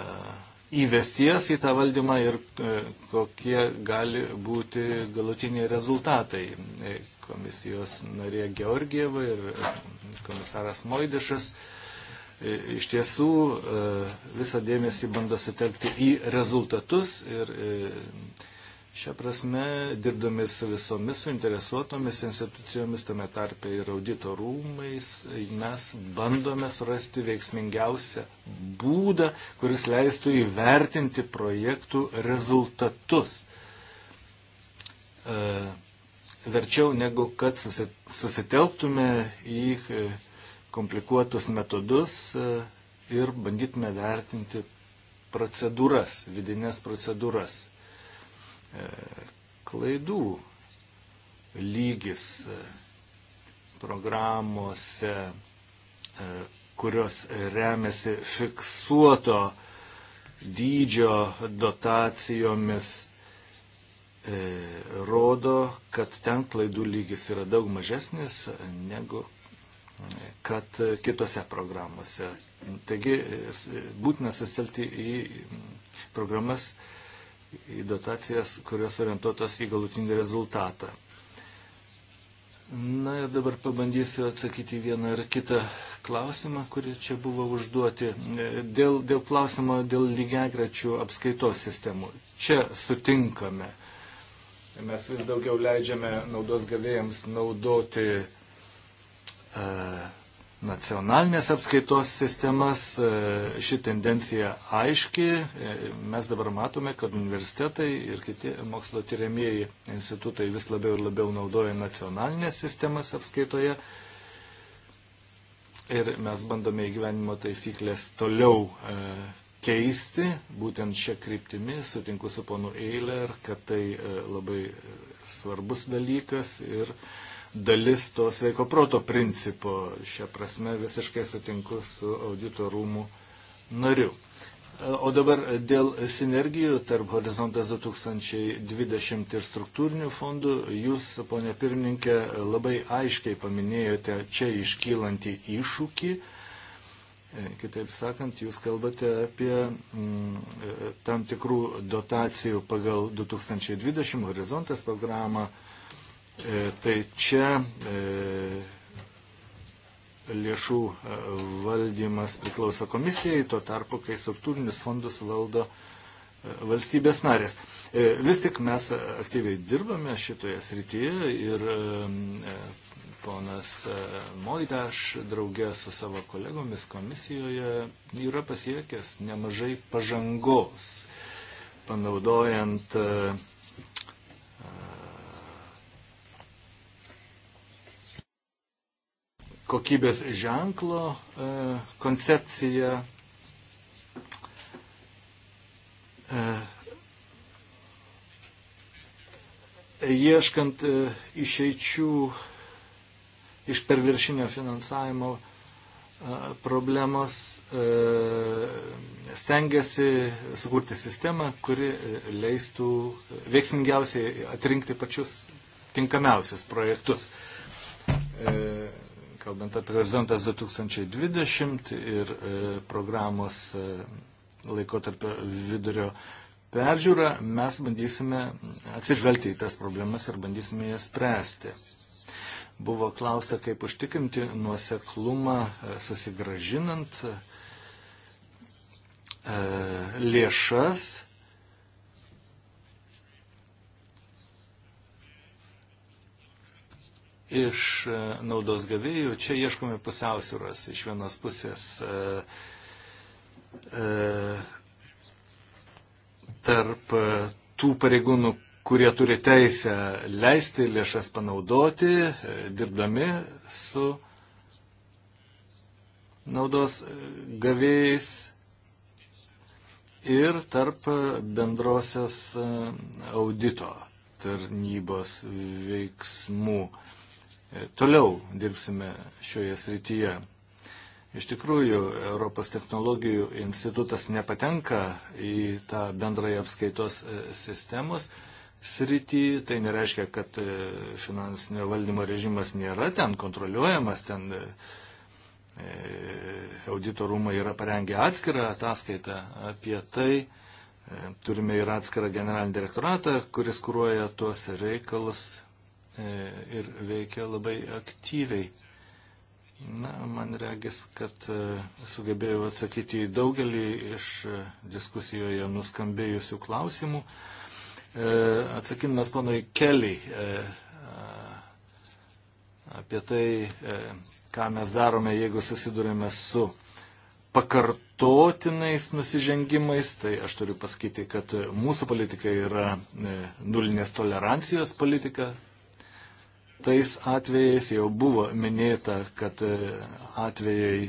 įvesties į tą valdymą ir e, kokie gali būti galutiniai rezultatai. E, komisijos narė Georgieva ir e, komisaras Moidišas iš tiesų visą dėmesį bando sutelkti į rezultatus ir Šią prasme, dirbdami su visomis suinteresuotomis institucijomis, tame tarpe ir audito rūmais, mes bandome surasti veiksmingiausią būdą, kuris leistų įvertinti projektų rezultatus. E, verčiau negu kad susitelktume į komplikuotus metodus e, ir bandytume vertinti procedūras, vidinės procedūras klaidų lygis e, programuose, e, kurios remiasi fiksuoto dydžio dotacijomis, e, rodo, kad ten klaidų lygis yra daug mažesnis negu kad kitose programuose. Taigi būtina susitelti į programas į dotacijas, kurios orientuotos į galutinį rezultatą. Na ir dabar pabandysiu atsakyti vieną ar kitą klausimą, kurį čia buvo užduoti. E, dėl, dėl klausimo dėl lygiagračių apskaitos sistemų. Čia sutinkame. Mes vis daugiau leidžiame naudos gavėjams naudoti uh, nacionalinės apskaitos sistemas. E, ši tendencija aiški. E, mes dabar matome, kad universitetai ir kiti mokslo tyriamieji institutai vis labiau ir labiau naudoja nacionalinės sistemas apskaitoje. Ir mes bandome įgyvenimo taisyklės toliau e, keisti, būtent šią kryptimį, sutinku su ponu Eiler, kad tai labai svarbus dalykas ir uh, dalis to sveiko proto principo. Šią prasme visiškai sutinku su audito rūmų nariu. O dabar dėl sinergijų tarp Horizontas 2020 ir struktūrinių fondų, jūs, ponė pirmininkė, labai aiškiai paminėjote čia iškylantį iššūkį. Kitaip sakant, jūs kalbate apie m, mm, tam tikrų dotacijų pagal 2020 horizontas programą E, tai čia e, lėšų e, valdymas priklauso komisijai, tuo tarpu, kai struktūrinis fondus valdo valstybės narės. Vis tik mes aktyviai dirbame šitoje srityje ir ponas Moidaš draugė su savo kolegomis komisijoje yra pasiekęs nemažai pažangos, panaudojant uh, kokybės ženklo e, koncepcija. E, ieškant e, išeičių iš perviršinio finansavimo problemos, stengiasi sukurti sistemą, kuri leistų veiksmingiausiai atrinkti pačius tinkamiausius projektus kalbant apie horizontas 2020 ir e, programos e, laikotarpio vidurio peržiūrą, mes bandysime atsižvelgti į tas problemas ir bandysime jas spręsti. Buvo klausta, kaip užtikrinti nuoseklumą e, susigražinant lėšas iš e, naudos gavėjų. Čia ieškome pusiausvėros iš vienos pusės e, e, tarp tų pareigūnų, kurie turi teisę leisti lėšas panaudoti, dirbdami su naudos gavėjais ir tarp bendrosios audito tarnybos veiksmų toliau dirbsime šioje srityje. Iš tikrųjų, Europos technologijų institutas nepatenka į tą bendrąją apskaitos e, sistemos srity. Tai nereiškia, kad e, finansinio valdymo režimas nėra ten kontroliuojamas, ten e, auditorumai yra parengę atskirą ataskaitą apie tai. Turime ir atskirą generalinį direktoratą, kuris kūruoja tuos reikalus E, ir veikia labai aktyviai. Na, man regis, kad e, sugebėjau atsakyti į daugelį iš e, diskusijoje nuskambėjusių klausimų. Atsakymas ponui Keliai apie tai, ką mes darome, jeigu susidurime su pakartotinais nusižengimais, tai aš turiu pasakyti, kad mūsų politika yra nulinės tolerancijos politika, tais atvejais jau buvo minėta, kad e, atvejai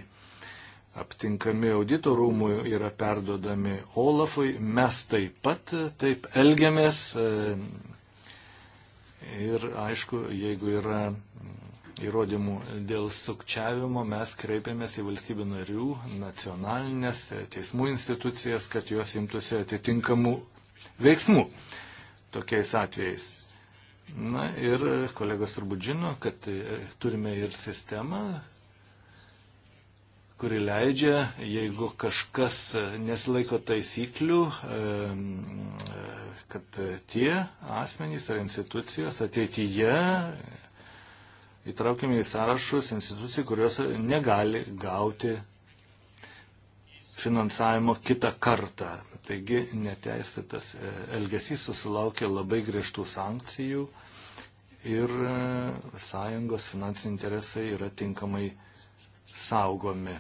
aptinkami audito rūmų yra perdodami Olafui. Mes taip pat e, taip elgiamės. E, ir aišku, jeigu yra įrodymų dėl sukčiavimo, mes kreipiamės į valstybių narių, nacionalinės teismų institucijas, kad jos imtųsi atitinkamų veiksmų tokiais atvejais. Na ir e, kolegos turbūt žino, kad e, turime ir sistemą, kuri leidžia, jeigu kažkas e, nesilaiko taisyklių, kad tie asmenys ar institucijos ateityje įtraukiami į sąrašus institucijų, kurios negali gauti finansavimo kitą kartą. Taigi neteisėtas elgesys susilaukė labai griežtų sankcijų ir e, sąjungos finansiniai interesai yra tinkamai saugomi.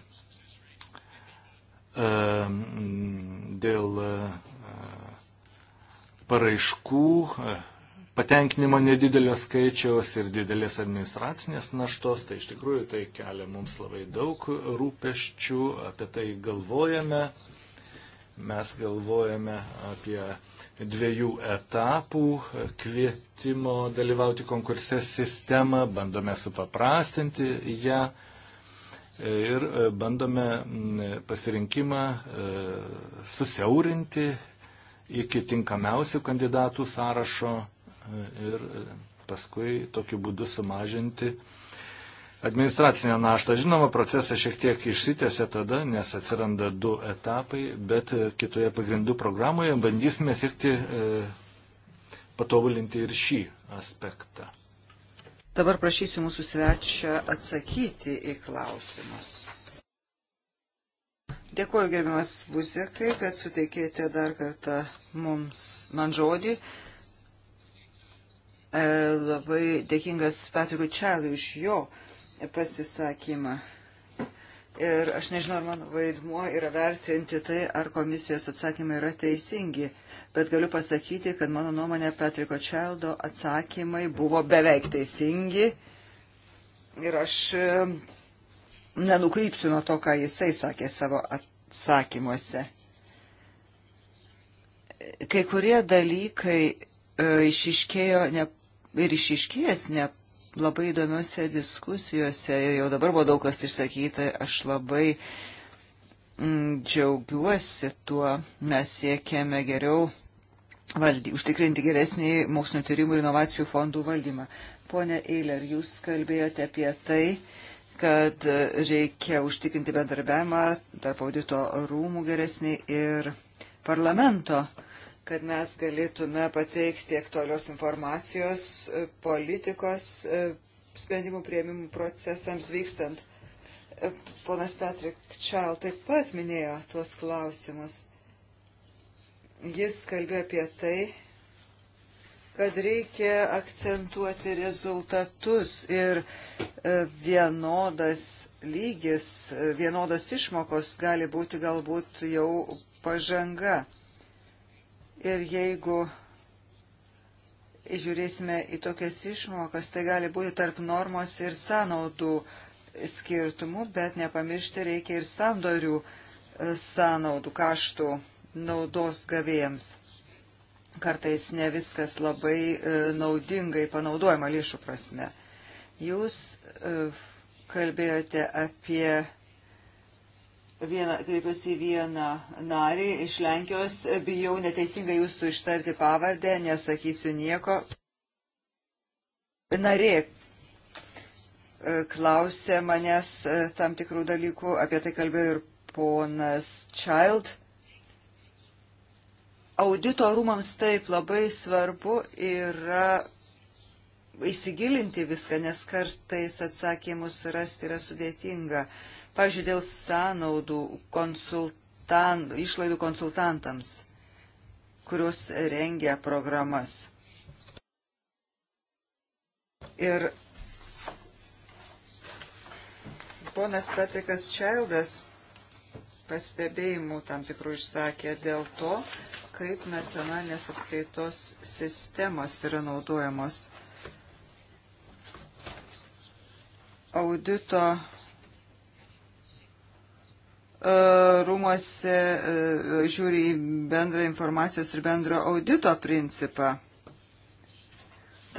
E, dėl e, paraiškų patenkinimo nedidelio skaičiaus ir didelės administracinės naštos, tai iš tikrųjų tai kelia mums labai daug rūpeščių, apie tai galvojame. Mes galvojame apie dviejų etapų kvietimo dalyvauti konkurse sistemą, bandome supaprastinti ją ir e, bandome pasirinkimą e, susiaurinti iki tinkamiausių kandidatų sąrašo e, ir paskui tokiu būdu sumažinti administracinę naštą. Žinoma, procesas šiek tiek išsitėse tada, nes atsiranda du etapai, bet e, kitoje pagrindų programoje bandysime siekti e, patobulinti ir šį aspektą. Dabar prašysiu mūsų svečią atsakyti į klausimus. Dėkuoju, gerbiamas Buzikai, kad suteikėte dar kartą mums man žodį. E, labai dėkingas Patrikui Čelui iš jo pasisakymą. Ir aš nežinau, ar mano vaidmuo yra vertinti tai, ar komisijos atsakymai yra teisingi, bet galiu pasakyti, kad mano nuomonė Patriko Čeldo atsakymai buvo beveik teisingi ir aš e, nenukrypsiu nuo to, ką jisai sakė savo atsakymuose. Kai kurie dalykai e, išiškėjo ne, ir išiškės ne labai įdomiose diskusijose ir jau dabar buvo daug kas išsakyta, aš labai mm, džiaugiuosi tuo, mes siekėme geriau valdy, užtikrinti geresnį mokslinio tyrimų ir inovacijų fondų valdymą. Pone Eiler, jūs kalbėjote apie tai, kad reikia užtikrinti bendarbiavimą tarp audito rūmų geresnį ir parlamento. Uh, kad mes galėtume pateikti aktualios informacijos e, politikos e, sprendimų prieimimų procesams vykstant. E, ponas Patrick Child taip pat minėjo tuos klausimus. Jis kalbėjo apie tai, kad reikia akcentuoti rezultatus ir vienodas lygis, vienodas išmokos gali būti galbūt jau pažanga. Ir jeigu žiūrėsime į tokias išmokas, tai gali būti tarp normos ir sąnaudų skirtumų, bet nepamiršti reikia ir sandorių e, sąnaudų kaštų naudos gavėjams. Kartais ne viskas labai e, naudingai panaudojama lėšų prasme. Jūs e, kalbėjote apie Viena, kreipiuosi į vieną narį iš Lenkijos, bijau neteisingai jūsų ištarti pavardę, nesakysiu nieko. Narė e, klausė manęs e, tam tikrų dalykų, apie tai kalbėjo ir ponas Child. Audito rūmams taip labai svarbu yra įsigilinti viską, nes kartais atsakymus rasti yra sudėtinga. Uh, Pavyzdžiui, dėl sąnaudų konsultan, išlaidų konsultantams, kurios rengia programas. Ir ponas Patrikas Čildas pastebėjimų tam tikrų išsakė dėl to, kaip nacionalinės apskaitos sistemos yra naudojamos. Audito E, rūmose e, žiūri į bendrą informacijos ir bendro audito principą.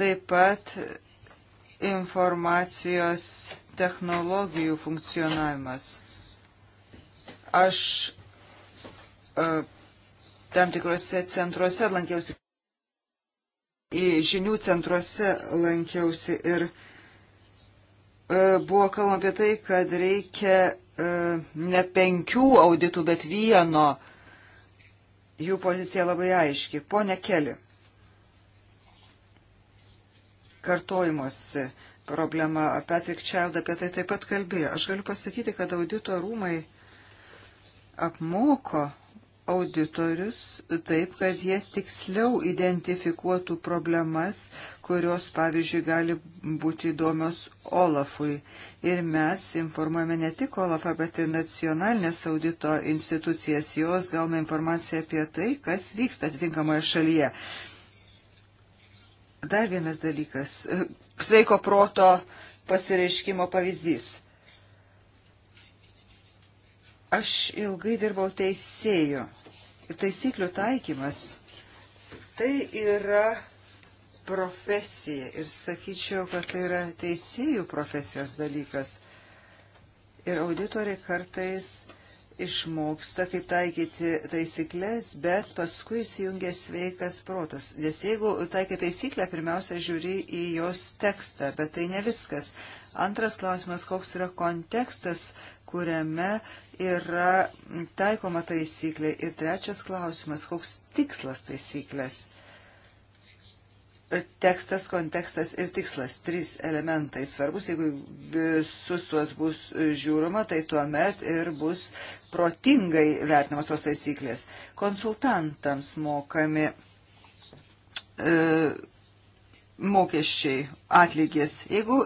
Taip pat informacijos technologijų funkcionavimas. Aš e, tam tikrose centruose lankiausi, į žinių centruose lankiausi ir buvo kalbama apie tai, kad reikia E, ne penkių auditų, bet vieno. Jų pozicija labai aiški. Pone Keli, kartojimuose problema. Patrick Child apie tai taip pat kalbėjo. Aš galiu pasakyti, kad audito rūmai apmoko auditorius taip, kad jie tiksliau identifikuotų problemas, kurios, pavyzdžiui, gali būti įdomios Olafui. Ir mes informuojame ne tik Olafą, bet ir nacionalinės audito institucijas. Jos gauna informaciją apie tai, kas vyksta atitinkamoje šalyje. Dar vienas dalykas. Sveiko proto pasireiškimo pavyzdys Aš ilgai dirbau teisėjų ir taisyklių taikymas. Tai yra profesija ir sakyčiau, kad tai yra teisėjų profesijos dalykas. Ir auditoriai kartais išmoksta, kaip taikyti taisyklės, bet paskui įsijungia sveikas protas. Nes jeigu taikai taisyklę, pirmiausia žiūri į jos tekstą, bet tai ne viskas. Antras klausimas, koks yra kontekstas, kuriame yra taikoma taisyklė. Ir trečias klausimas, koks tikslas taisyklės? Tekstas, kontekstas ir tikslas - trys elementai svarbus. Jeigu visus tuos bus žiūroma, tai tuomet ir bus protingai vertinamos tos taisyklės. Konsultantams mokami. E, mokesčiai atlygis. Jeigu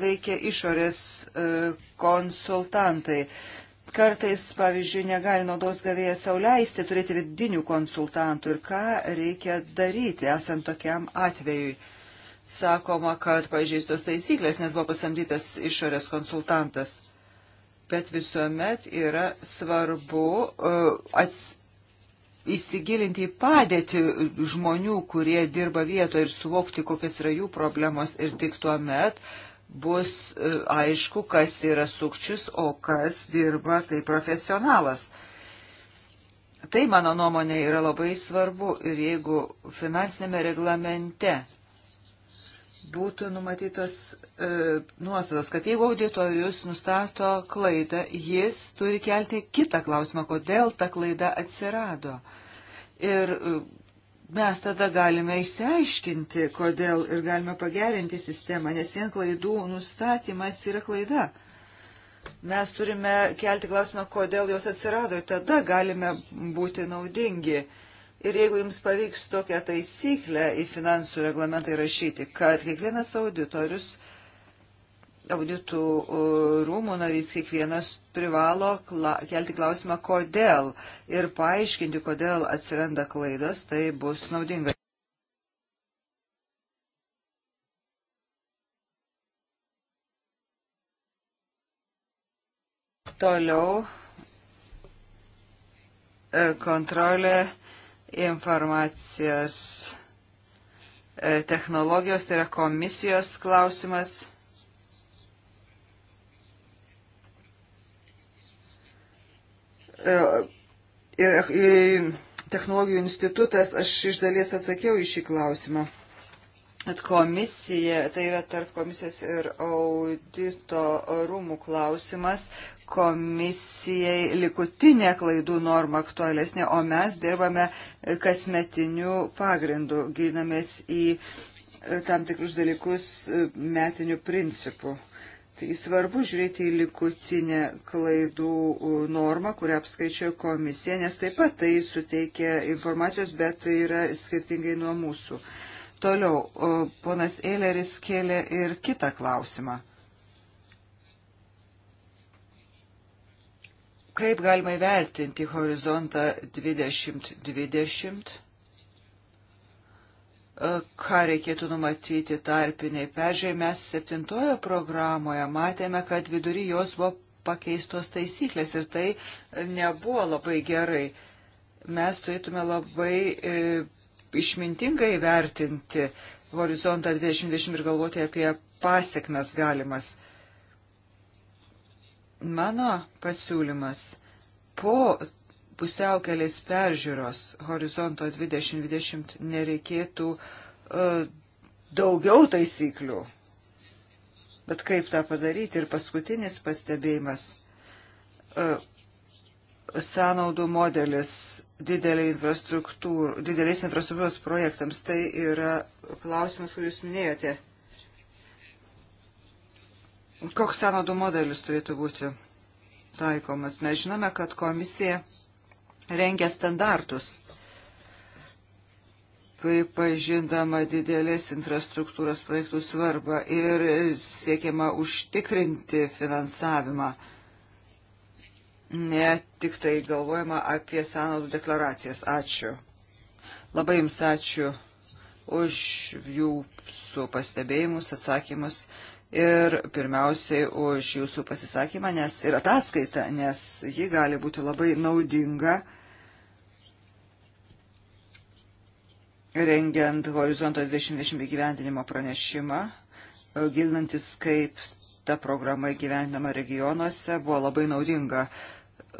veikia išorės e, konsultantai. Kartais, pavyzdžiui, negali naudos gavėjas sauliaisti turėti vidinių konsultantų ir ką reikia daryti esant tokiam atvejui. Sakoma, kad pažeistos taisyklės, nes buvo pasamdytas išorės konsultantas. Bet visuomet yra svarbu uh, e, atspėti įsigilinti į padėtį žmonių, kurie dirba vietoje ir suvokti, kokias yra jų problemos ir tik tuo met bus e, aišku, kas yra sukčius, o kas dirba kaip profesionalas. Tai, mano nuomonė, yra labai svarbu ir jeigu finansinėme reglamente būtų numatytos e, nuostatos, kad jeigu auditorius nustato klaidą, jis turi kelti kitą klausimą, kodėl ta klaida atsirado. Ir e, mes tada galime išsiaiškinti, kodėl ir galime pagerinti sistemą, nes vien klaidų nustatymas yra klaida. Mes turime kelti klausimą, kodėl jos atsirado ir tada galime būti naudingi. Ir jeigu jums pavyks tokią taisyklę į finansų reglamentą įrašyti, kad kiekvienas auditorius uh, auditų e, rūmų narys kiekvienas privalo kelti klausimą, kodėl ir paaiškinti, kodėl atsiranda klaidos, tai bus naudinga. Toliau e, kontrolė informacijos e, technologijos, tai yra komisijos klausimas. E, ir e, technologijų institutas, aš iš dalies atsakiau į šį klausimą. At komisija, tai yra tarp komisijos ir audito rūmų klausimas, komisijai likutinė klaidų norma aktualesnė, o mes dirbame kasmetiniu pagrindu, gynamės į tam tikrus dalykus metiniu principu. Tai svarbu žiūrėti į likutinę klaidų normą, kurią apskaičiojo komisija, nes taip pat tai suteikia informacijos, bet tai yra skirtingai nuo mūsų. Toliau, ponas Eileris kėlė ir kitą klausimą. Kaip galima įvertinti horizontą 2020? E, ką reikėtų numatyti tarpiniai peržiūrėjai. Mes septintojo programoje matėme, kad vidury jos buvo pakeistos taisyklės ir tai nebuvo labai gerai. Mes turėtume labai e, išmintingai vertinti horizontą 2020 ir galvoti apie pasiekmes galimas. Mano pasiūlymas po pusiaukelės peržiūros horizonto 2020 nereikėtų uh, daugiau taisyklių. Bet kaip tą padaryti? Ir paskutinis pastebėjimas. Uh, sąnaudų modelis didelės infrastruktūros projektams. Tai yra klausimas, kurį jūs minėjote. Koks sąnaudų modelis turėtų būti taikomas? Mes žinome, kad komisija rengia standartus, pripažindama didelės infrastruktūros projektų svarbą ir siekiama užtikrinti finansavimą. Ne tik tai galvojama apie sąnaudų deklaracijas. Ačiū. Labai Jums ačiū už jų su pastebėjimus, atsakymus ir pirmiausiai už jūsų pasisakymą nes, ir ataskaitą, nes ji gali būti labai naudinga rengiant Horizonto 2020 įgyvendinimo pranešimą, gilinantis, kaip ta programa įgyvendinama regionuose, buvo labai naudinga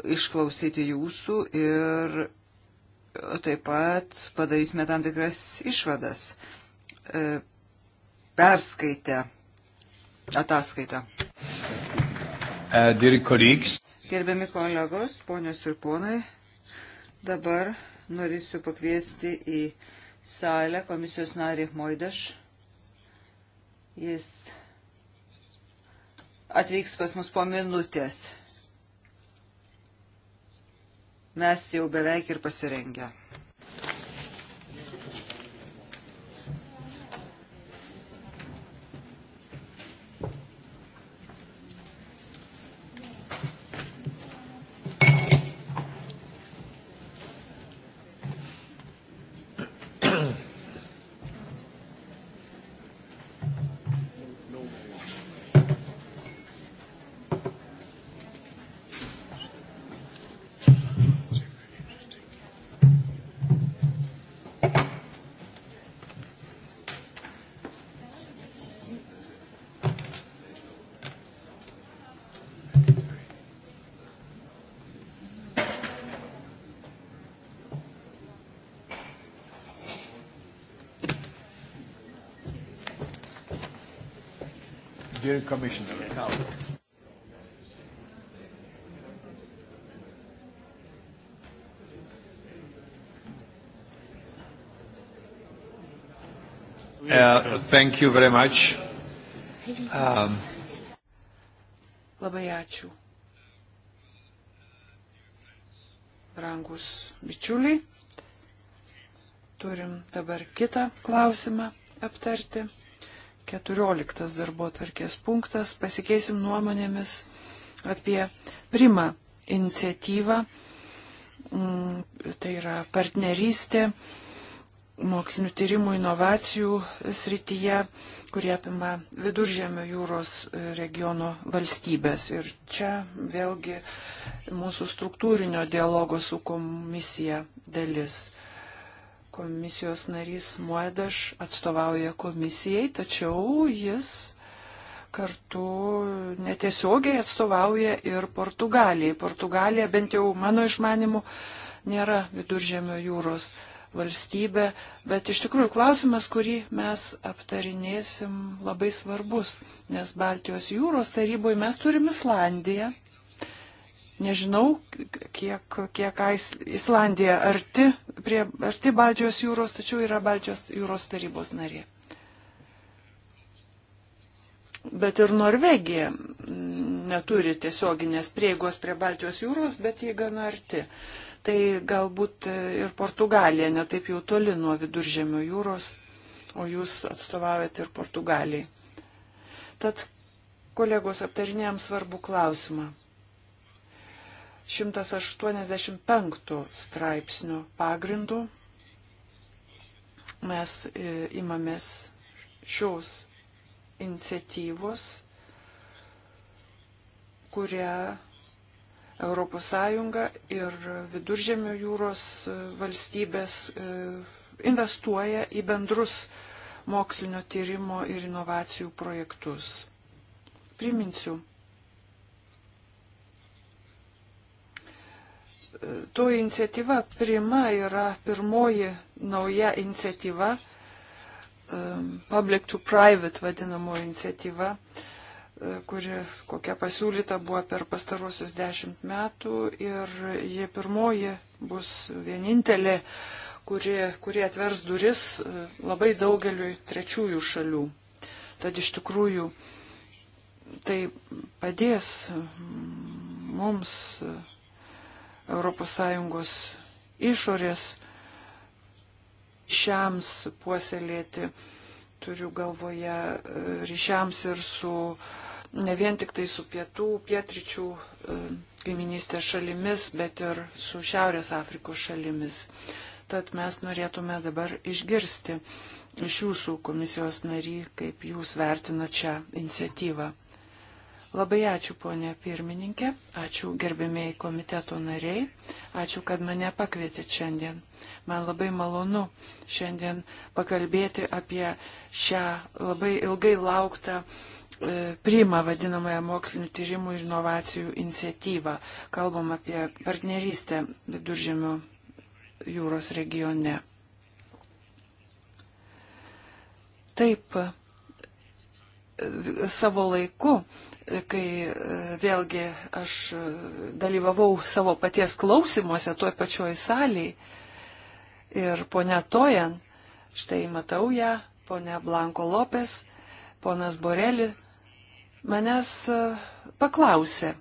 išklausyti jūsų ir taip pat padarysime tam tikras išvadas. E, perskaitę ataskaitą. E, Gerbiami kolegos, ponios ir ponai, dabar norėsiu pakviesti į salę komisijos narį Moidaš. Jis atvyks pas mus po minutės. Mes jau beveik ir pasirengę. Dear Commissioner, now. Uh, thank you very much. Um, Labai ačiū. Brangus bičiuliai, turim dabar kitą klausimą aptarti. 14 darbo tvarkės punktas. Pasikeisim nuomonėmis apie primą iniciatyvą. Mm, tai yra partnerystė mokslinių tyrimų inovacijų srityje, kurie apima viduržėmio jūros regiono valstybės. Ir čia vėlgi mūsų struktūrinio dialogo su komisija dalis. Komisijos narys Muedaš atstovauja komisijai, tačiau jis kartu netiesiogiai atstovauja ir Portugalijai. Portugalija, bent jau mano išmanimu, nėra viduržėmio jūros valstybė, bet iš tikrųjų klausimas, kurį mes aptarinėsim, labai svarbus, nes Baltijos jūros taryboje mes turim Islandiją, Nežinau, kiek, kiek Islandija arti, prie, arti Baltijos jūros, tačiau yra Baltijos jūros tarybos narė. Bet ir Norvegija mm, neturi tiesioginės prieigos prie Baltijos jūros, bet jį gana arti. Tai galbūt e, ir Portugalija netaip jau toli nuo viduržėmio jūros, o jūs atstovaujate ir Portugalijai. Tad kolegos aptarinėjom svarbų klausimą. 185 straipsnių pagrindų mes e, imamės šios iniciatyvos, kurią ES ir Viduržėmio jūros e, valstybės e, investuoja į bendrus mokslinio tyrimo ir inovacijų projektus. Priminsiu, to iniciatyva Prima yra pirmoji nauja iniciatyva, um, public to private vadinamo iniciatyva, uh, kuri kokia pasiūlyta buvo per pastaruosius dešimt metų ir jie pirmoji bus vienintelė, kuri, kuri atvers duris uh, labai daugeliui trečiųjų šalių. Tad iš tikrųjų tai padės mm, mums uh, ES išorės šiams puoselėti, turiu galvoje e, ryšiams ir su, ne vien tik tai su pietų, pietričių e, kaiminystės šalimis, bet ir su Šiaurės Afrikos šalimis. Tad mes norėtume dabar išgirsti iš jūsų komisijos nary, kaip jūs vertinat šią iniciatyvą. Labai ačiū, ponė pirmininkė, ačiū gerbėmiai komiteto nariai, ačiū, kad mane pakvietėt šiandien. Man labai malonu šiandien pakalbėti apie šią labai ilgai lauktą e, priima vadinamąją mokslinių tyrimų ir inovacijų iniciatyvą. Kalbam apie partnerystę viduržėmio jūros regione. Taip, savo laiku kai e, vėlgi aš dalyvavau savo paties klausimuose toj pačioj salėje. Ir ponia Tojan, štai matau ją, ponia Blanko Lopes, ponas Borelį, manęs e, paklausė.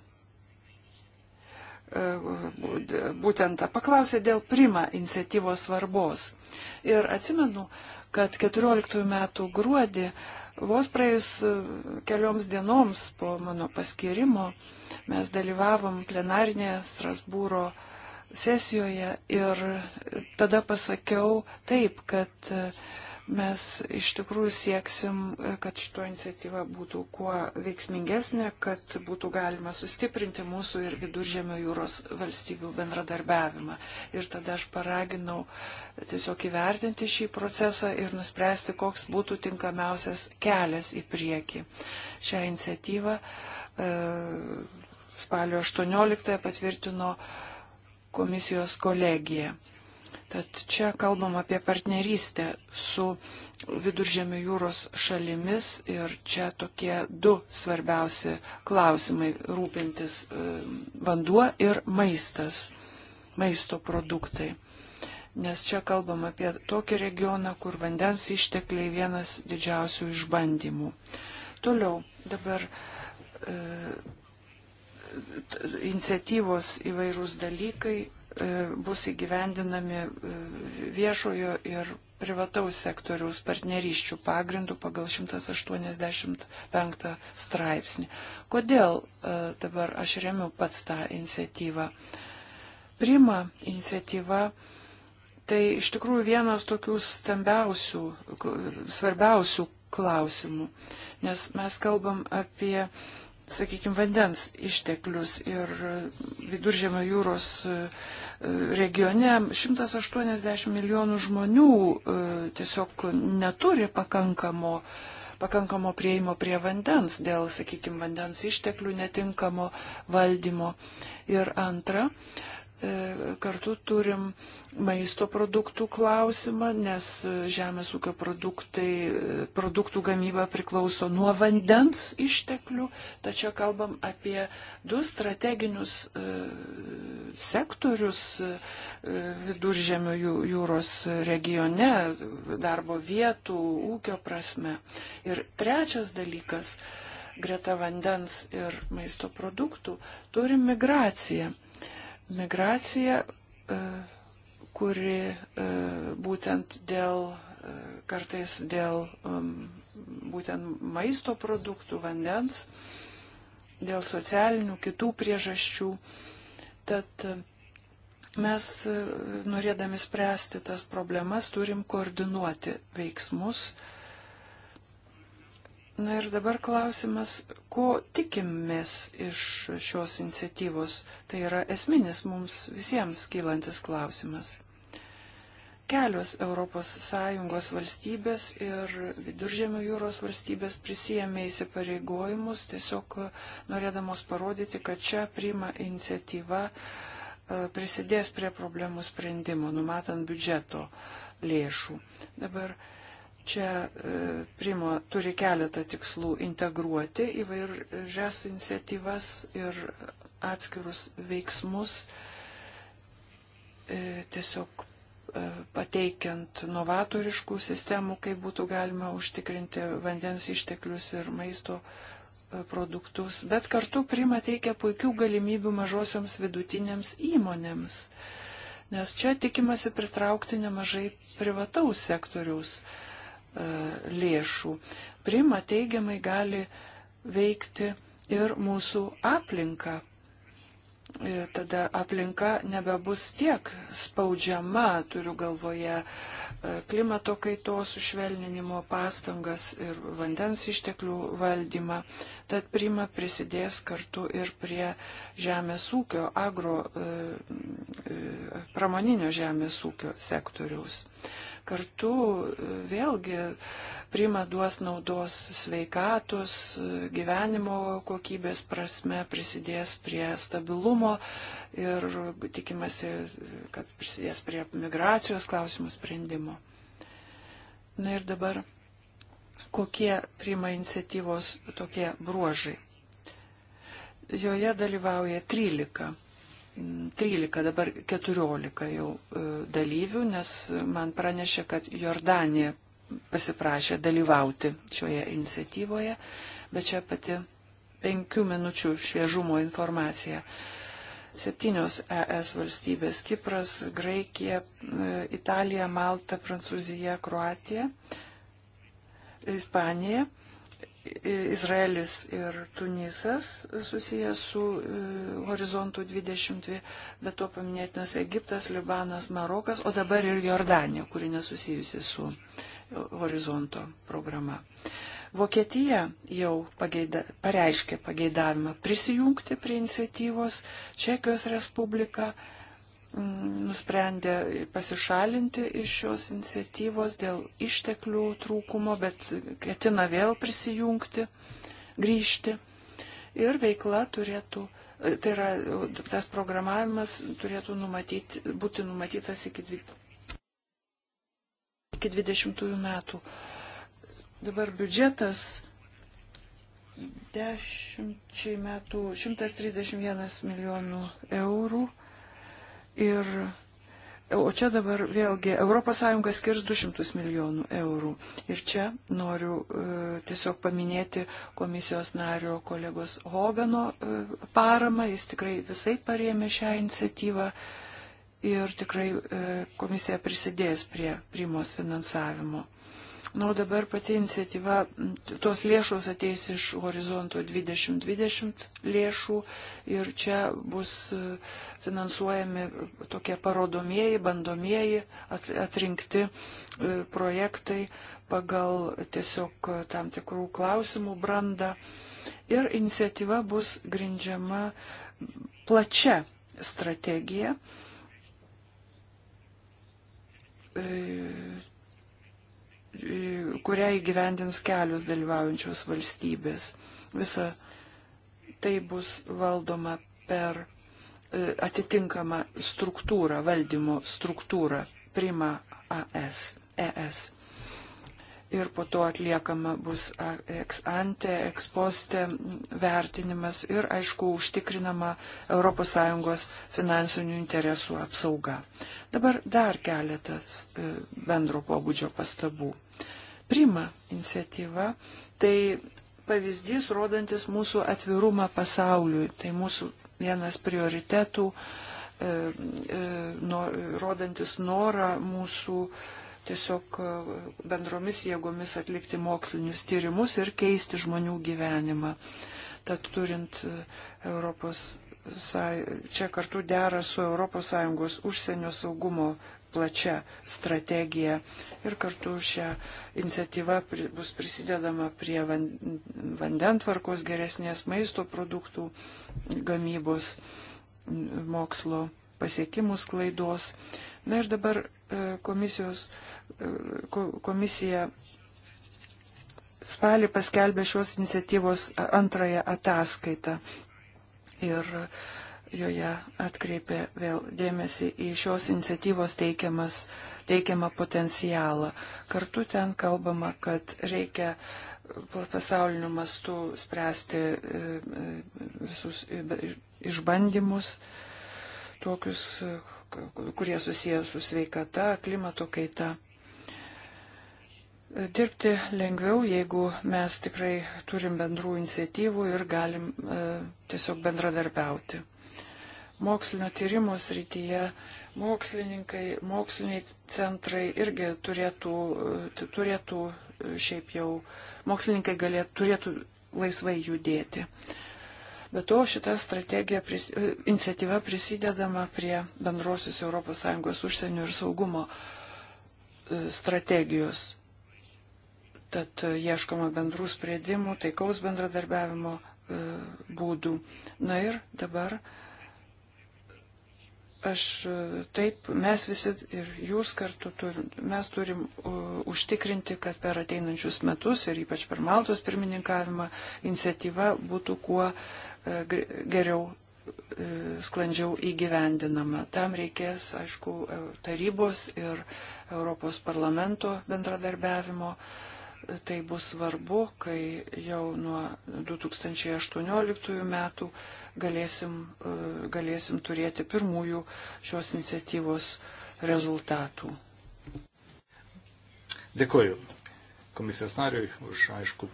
E, būtent paklausė dėl prima iniciatyvos svarbos. Ir atsimenu, kad 14 metų gruodį Vos praėjus e, kelioms dienoms po mano paskirimo mes dalyvavom plenarinėje Strasbūro sesijoje ir tada pasakiau taip, kad e, mes iš tikrųjų sieksim, kad šito iniciatyva būtų kuo veiksmingesnė, kad būtų galima sustiprinti mūsų ir viduržėmio jūros valstybių bendradarbiavimą. Ir tada aš paraginau tiesiog įvertinti šį procesą ir nuspręsti, koks būtų tinkamiausias kelias į priekį. Šią iniciatyvą e, spalio 18 patvirtino komisijos kolegija. Tad čia kalbam apie partnerystę su viduržėmio jūros šalimis ir čia tokie du svarbiausi klausimai - rūpintis e, vanduo ir maistas, maisto produktai. Nes čia kalbam apie tokį regioną, kur vandens ištekliai vienas didžiausių išbandymų. Toliau dabar. E, iniciatyvos įvairūs dalykai E, bus įgyvendinami e, viešojo ir privataus sektoriaus partnerysčių pagrindų pagal 185 straipsnį. Kodėl e, dabar aš remiu pats tą iniciatyvą? Prima iniciatyva tai iš tikrųjų vienas tokių stambiausių, svarbiausių klausimų, nes mes kalbam apie sakykime, vandens išteklius ir viduržėmio jūros e, regione 180 milijonų žmonių e, tiesiog neturi pakankamo pakankamo prieimo prie vandens dėl, sakykime, vandens išteklių netinkamo valdymo. Ir antra, uh, E, kartu turim maisto produktų klausimą, nes žemės ūkio produktai, produktų gamyba priklauso nuo vandens išteklių, tačiau kalbam apie du strateginius e, sektorius e, viduržėmio jūros regione, darbo vietų, ūkio prasme. Ir trečias dalykas, greta vandens ir maisto produktų, turim migraciją migracija, e, kuri e, būtent dėl, e, kartais dėl būtent maisto produktų, vandens, dėl socialinių kitų priežasčių. Tad mes, norėdami spręsti tas problemas, turim koordinuoti veiksmus, uh, Na ir dabar klausimas, ko tikimės iš šios iniciatyvos. Tai yra esminis mums visiems kylantis klausimas. Kelios ES valstybės ir viduržėmio jūros valstybės prisijėmė įsipareigojimus, tiesiog norėdamos parodyti, kad čia priima iniciatyva e, prisidės prie problemų sprendimo, numatant biudžeto lėšų. Dabar Čia e, Primo turi keletą tikslų integruoti įvairias iniciatyvas ir atskirus veiksmus, e, tiesiog e, pateikiant novatoriškų sistemų, kaip būtų galima užtikrinti vandens išteklius ir maisto produktus, bet kartu Prima teikia puikių galimybių mažosioms vidutinėms įmonėms, nes čia tikimasi pritraukti nemažai privataus sektoriaus E, lėšų. Prima teigiamai gali veikti ir mūsų aplinką. Ir e, tada aplinka nebebus tiek spaudžiama, turiu galvoje, e, klimato kaitos sušvelninimo pastangas ir vandens išteklių valdymą. Tad prima prisidės kartu ir prie žemės ūkio, agro, pramoninio žemės ūkio sektoriaus. E, kartu e, vėlgi prima duos naudos sveikatos, e, gyvenimo kokybės prasme, prisidės prie stabilumo ir tikimasi, kad prisidės prie migracijos klausimų sprendimo. Na ir dabar, kokie prima iniciatyvos tokie bruožai. Joje dalyvauja 13 13, dabar 14 jau e, dalyvių, nes man pranešė, kad Jordanija pasiprašė dalyvauti šioje iniciatyvoje, bet čia pati penkių minučių šviežumo informacija. Septynios ES valstybės - Kipras, Graikija, e, Italija, Malta, Prancūzija, Kroatija, Ispanija Izraelis ir Tunisas susijęs su e, horizontu 22, bet tuo paminėtinas Egiptas, Libanas, Marokas, o dabar ir Jordanija, kuri nesusijusi su e, horizonto programa. Vokietija jau pageida, pareiškė pageidavimą prisijungti prie iniciatyvos, Čekijos Respublika nusprendė pasišalinti iš šios iniciatyvos dėl išteklių trūkumo, bet ketina vėl prisijungti, grįžti. Ir veikla turėtų, tai yra tas programavimas turėtų numatyti, būti numatytas iki, dvi, iki 20 metų. Dabar biudžetas dešimčiai metų 131 milijonų eurų Ir, o čia dabar vėlgi ES skirs 200 milijonų eurų. Ir čia noriu e, tiesiog paminėti komisijos nario kolegos Hogano e, paramą. Jis tikrai visai parėmė šią iniciatyvą ir tikrai e, komisija prisidės prie primos finansavimo. Na, nu, dabar pati iniciatyva, tos lėšos ateis iš horizonto 2020 lėšų ir čia bus e, finansuojami e, tokie parodomieji, bandomieji, atrinkti e, projektai pagal tiesiog tam tikrų klausimų brandą. Ir iniciatyva bus grindžiama plačia strategija kurią įgyvendins kelios dalyvaujančios valstybės. Visa tai bus valdoma per e, atitinkamą struktūrą, valdymo struktūrą, prima AS, ES. Ir po to atliekama bus ex ante, ex poste vertinimas ir, aišku, užtikrinama ES finansinių interesų apsauga. Dabar dar keletas e, bendro pobūdžio pastabų. Prima iniciatyva, tai pavyzdys rodantis mūsų atvirumą pasauliui, tai mūsų vienas prioritetų, e, e, no, rodantis norą mūsų tiesiog e, bendromis jėgomis atlikti mokslinius tyrimus ir keisti žmonių gyvenimą. Tad turint e, Europos, čia kartu dera su ES užsienio saugumo plačia strategija ir kartu šią iniciatyvą bus prisidedama prie vandentvarkos geresnės maisto produktų gamybos, mokslo pasiekimų sklaidos. Na ir dabar e, komisijos, e, komisija spalį paskelbė šios iniciatyvos antrąją ataskaitą. Ir uh, joje atkreipė vėl dėmesį į šios iniciatyvos teikiamą potencialą. Kartu ten kalbama, kad reikia pasauliniu mastu spręsti e, e, visus išbandymus, tokius, e, kurie susiję su sveikata, klimato kaita dirbti lengviau, jeigu mes tikrai turim bendrų iniciatyvų ir galim e, tiesiog bendradarbiauti mokslinio tyrimų srityje mokslininkai, moksliniai centrai irgi turėtų, turėtų e, šiaip jau, mokslininkai galėtų, turėtų laisvai judėti. Be to, šita strategija, pris, e, iniciatyva prisidedama prie bendrosios ES užsienio ir saugumo e, strategijos. Tad ieškoma bendrų sprendimų, taikaus bendradarbiavimo būdų. Na ir dabar uh, aš taip, mes visi ir jūs kartu turim, mes turim užtikrinti, kad per ateinančius metus ir ypač per Maltos pirmininkavimą iniciatyva būtų kuo e, geriau e, sklandžiau įgyvendinama. Tam reikės, aišku, e, tarybos ir Europos parlamento bendradarbiavimo. Uh, Tai bus svarbu, kai jau nuo 2018 metų galėsim, e, galėsim turėti pirmųjų šios iniciatyvos rezultatų. Dėkuoju komisijos nariui už aišku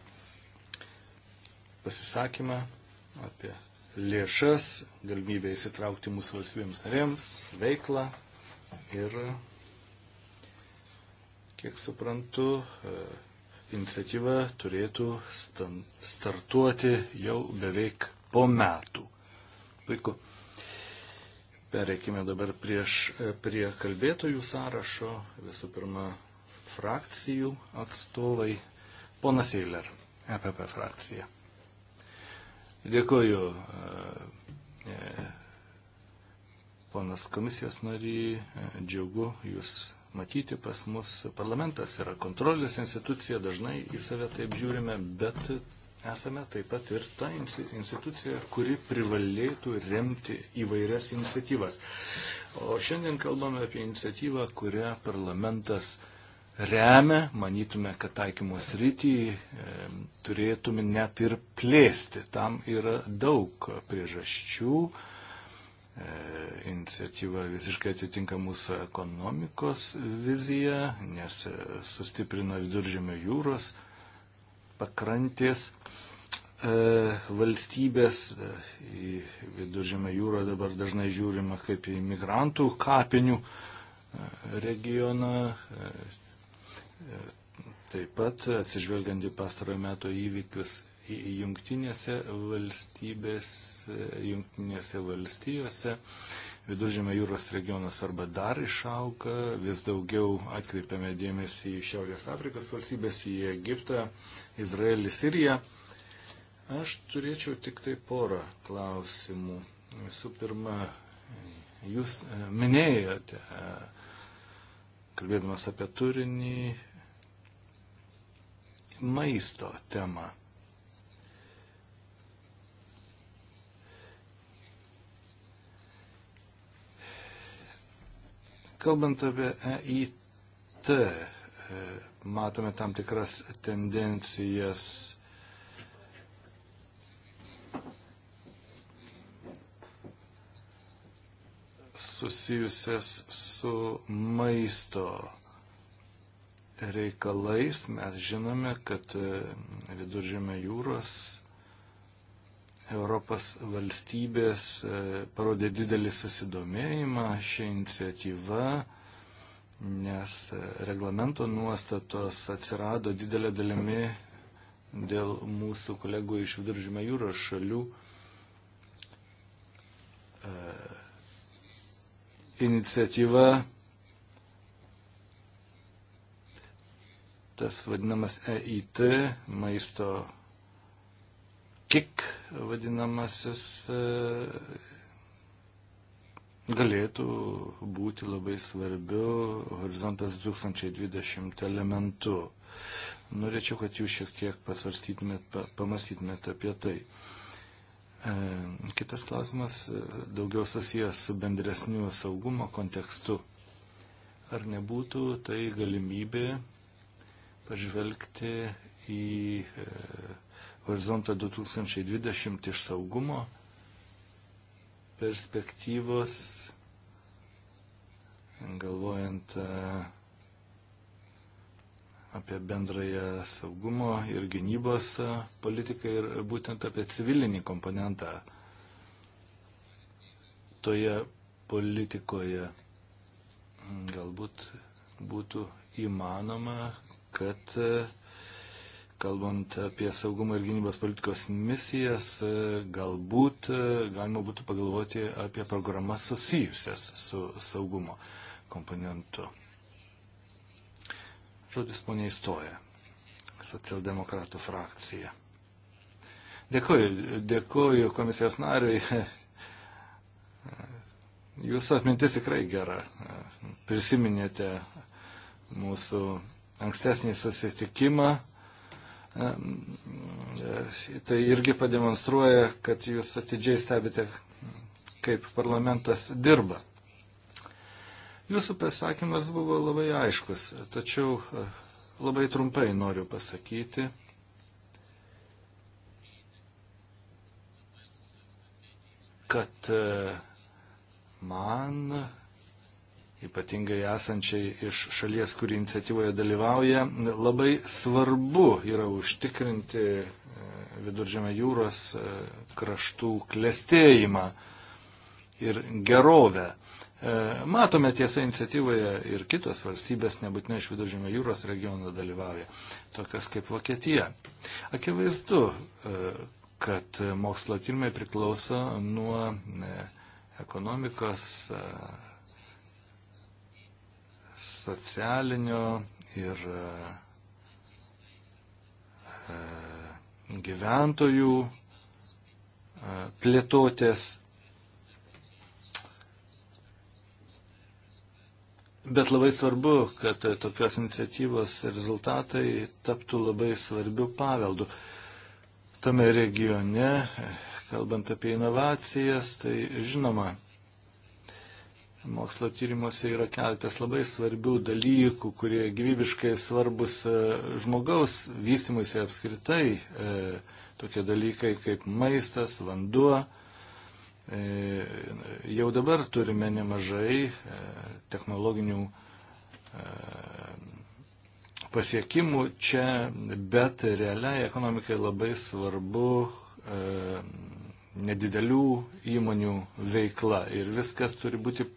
pasisakymą apie lėšas, galimybę įsitraukti mūsų valstybėms narėms, veiklą ir, kiek suprantu, e, iniciatyva turėtų startuoti jau beveik po metų. Puiku. Pereikime dabar prieš, e, prie kalbėtojų sąrašo. Visų pirma, frakcijų atstovai. Ponas Eiler, EPP frakcija. Dėkuoju, e, e, ponas komisijos nary, džiaugu jūs matyti pas mus parlamentas yra kontrolės institucija, dažnai į save taip žiūrime, bet esame taip pat ir ta institucija, kuri privalėtų remti įvairias iniciatyvas. O šiandien kalbame apie iniciatyvą, kurią parlamentas remia, manytume, kad taikymos rytį e, turėtume net ir plėsti. Tam yra daug priežasčių. E, E, iniciatyva visiškai atitinka mūsų ekonomikos viziją, nes e, sustiprino viduržėmio jūros pakrantės e, valstybės. Į viduržėmio jūrą dabar dažnai žiūrima kaip į migrantų kapinių regioną. Taip pat atsižvelgiant į pastarojo meto įvykius jungtinėse valstybėse, jungtinėse valstijose viduržėme jūros regionas arba dar išauka, vis daugiau atkreipiame dėmesį į Šiaurės Afrikos valstybės, į Egiptą, Izraelį, Siriją. Aš turėčiau tik tai porą klausimų. Visų pirma, jūs e, minėjote, e, kalbėdamas apie turinį, maisto temą. Kalbant apie EIT, e, matome tam tikras tendencijas. susijusias su maisto reikalais. Mes žinome, kad e, viduržėme jūros Europos valstybės e, parodė didelį susidomėjimą šią iniciatyvą, nes e, reglamento nuostatos atsirado didelė dalimi dėl mūsų kolegų iš viduržymė jūros šalių e, iniciatyva, tas vadinamas EIT, maisto kik vadinamasis e, galėtų būti labai svarbiu horizontas 2020 elementu. Norėčiau, kad jūs šiek tiek pasvarstytumėt, pamastytumėt apie tai. E, kitas klausimas e, daugiau susijęs su bendresniu saugumo kontekstu. Ar nebūtų tai galimybė pažvelgti į horizontą 2020 iš saugumo perspektyvos, galvojant e, apie bendrąją saugumo ir gynybos e, politiką ir būtent apie civilinį komponentą toje politikoje galbūt būtų įmanoma, kad uh, kalbant apie saugumo ir gynybos politikos misijas, galbūt e, galima būtų pagalvoti apie programas susijusias su saugumo komponentu. Žodis ponia įstoja, socialdemokratų frakcija. Dėkuoju, dėkuoju komisijos nariui. Jūsų atmintis tikrai gera. Prisiminėte mūsų ankstesnį susitikimą E, tai irgi pademonstruoja, kad jūs atidžiai stebite, kaip parlamentas dirba. Jūsų pasakymas buvo labai aiškus, tačiau e, labai trumpai noriu pasakyti. kad e, man ypatingai esančiai iš šalies, kuri iniciatyvoje dalyvauja, labai svarbu yra užtikrinti e, viduržėme jūros e, kraštų klestėjimą ir gerovę. E, matome tiesą iniciatyvoje ir kitos valstybės, nebūtinai iš viduržėme jūros regiono dalyvauja, tokios kaip Vokietija. Akivaizdu, kad mokslo tyrimai priklauso nuo ekonomikos socialinio ir e, gyventojų e, plėtotės. Bet labai svarbu, kad tokios iniciatyvos rezultatai taptų labai svarbių paveldų. Tame regione, kalbant apie inovacijas, tai žinoma, Mokslo tyrimuose yra keltas labai svarbių dalykų, kurie gyvybiškai svarbus e, žmogaus vystimuisi apskritai. E, tokie dalykai kaip maistas, vanduo. E, jau dabar turime nemažai technologinių pasiekimų čia, bet realiai ekonomikai labai svarbu e, nedidelių įmonių veikla ir viskas turi būti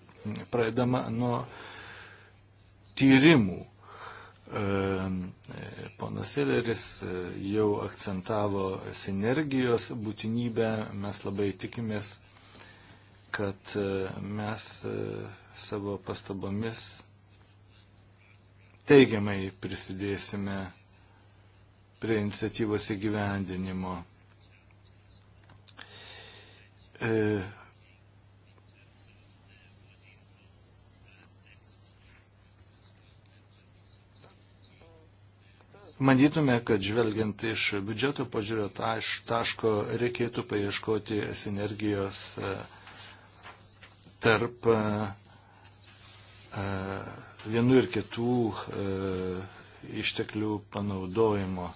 pradedama nuo tyrimų. E, e, ponas Sileris e, jau akcentavo sinergijos būtinybę, mes labai tikimės, kad mes savo pastabomis teigiamai prisidėsime prie iniciatyvos įgyvendinimo. Manytume, kad žvelgiant iš biudžeto požiūrio taško reikėtų paieškoti sinergijos e, tarp e, e, vienų ir kitų išteklių panaudojimo.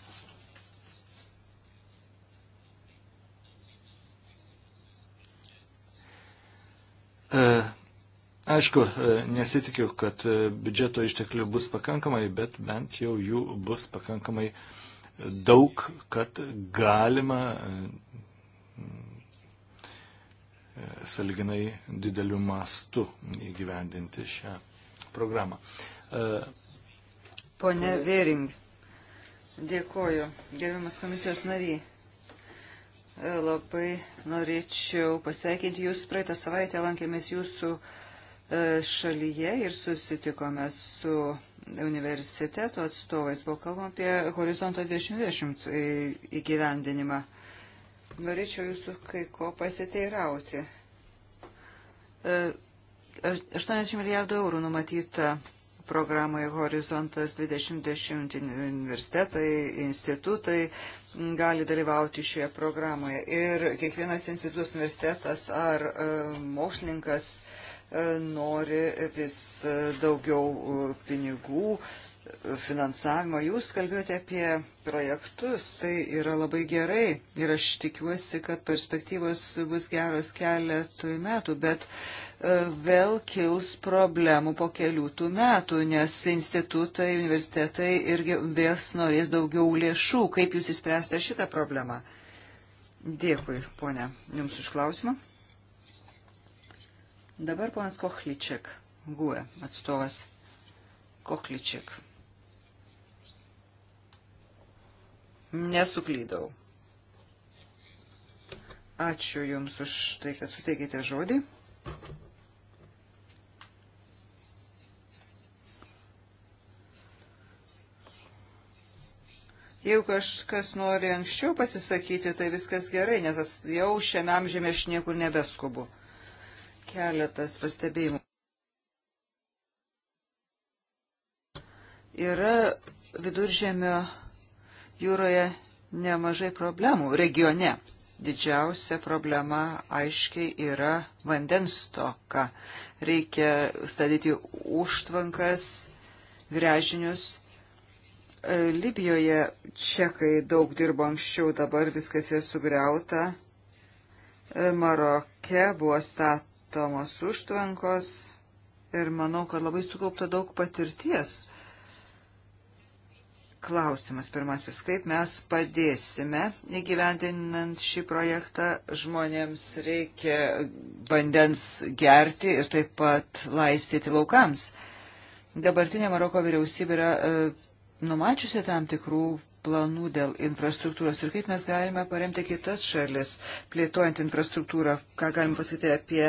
E, Aišku, e, nesitikiu, kad e, biudžeto išteklių bus pakankamai, bet bent jau jų bus pakankamai daug, kad galima e, saliginai dideliu mastu įgyvendinti šią programą. Pone Vėring, dėkoju. Gerbiamas komisijos nariai. Labai norėčiau pasveikinti Jūs. Praeitą savaitę lankėmės Jūsų uh, E, šalyje ir susitikome su universiteto atstovais. Buvo kalbama apie horizonto 2020 e, įgyvendinimą. Norėčiau jūsų kai ko pasiteirauti. 80 e, milijardų eurų numatyta programai Horizontas 2020 universitetai, institutai gali dalyvauti šioje programoje. Ir kiekvienas institutas, universitetas ar mokslininkas E, nori vis e, daugiau e, pinigų, finansavimo. Jūs kalbėjote apie projektus, tai yra labai gerai ir aš tikiuosi, kad perspektyvos bus geros keletų metų, bet vėl kils problemų po kelių tų metų, nes institutai, universitetai irgi vėl norės daugiau lėšų. Kaip jūs įspręsite šitą problemą? Dėkui, ponia, jums už klausimą. Dabar ponas Kohličiak, GUE atstovas. Kohličiak. Nesuklydau. Ačiū Jums už tai, kad suteikėte žodį. Jeigu kažkas nori anksčiau pasisakyti, tai viskas gerai, nes jau šiame amžiame aš niekur nebeskubu. Keletas pastebėjimų. Yra viduržėmio jūroje nemažai problemų regione. Didžiausia problema aiškiai yra vandens toka. Reikia statyti užtvankas, grežinius. E, Libijoje čekai daug dirbo anksčiau, dabar viskas yra sugriauta. E, Maroke buvo stat statomos užtvankos ir manau, kad labai sukaupta daug patirties. Klausimas pirmasis, kaip mes padėsime įgyvendinant šį projektą, žmonėms reikia vandens gerti ir taip pat laistyti laukams. Dabartinė Maroko vyriausybė yra e, numačiusi tam tikrų planų dėl infrastruktūros ir kaip mes galime paremti kitas šalis, plėtojant infrastruktūrą, ką galim pasakyti apie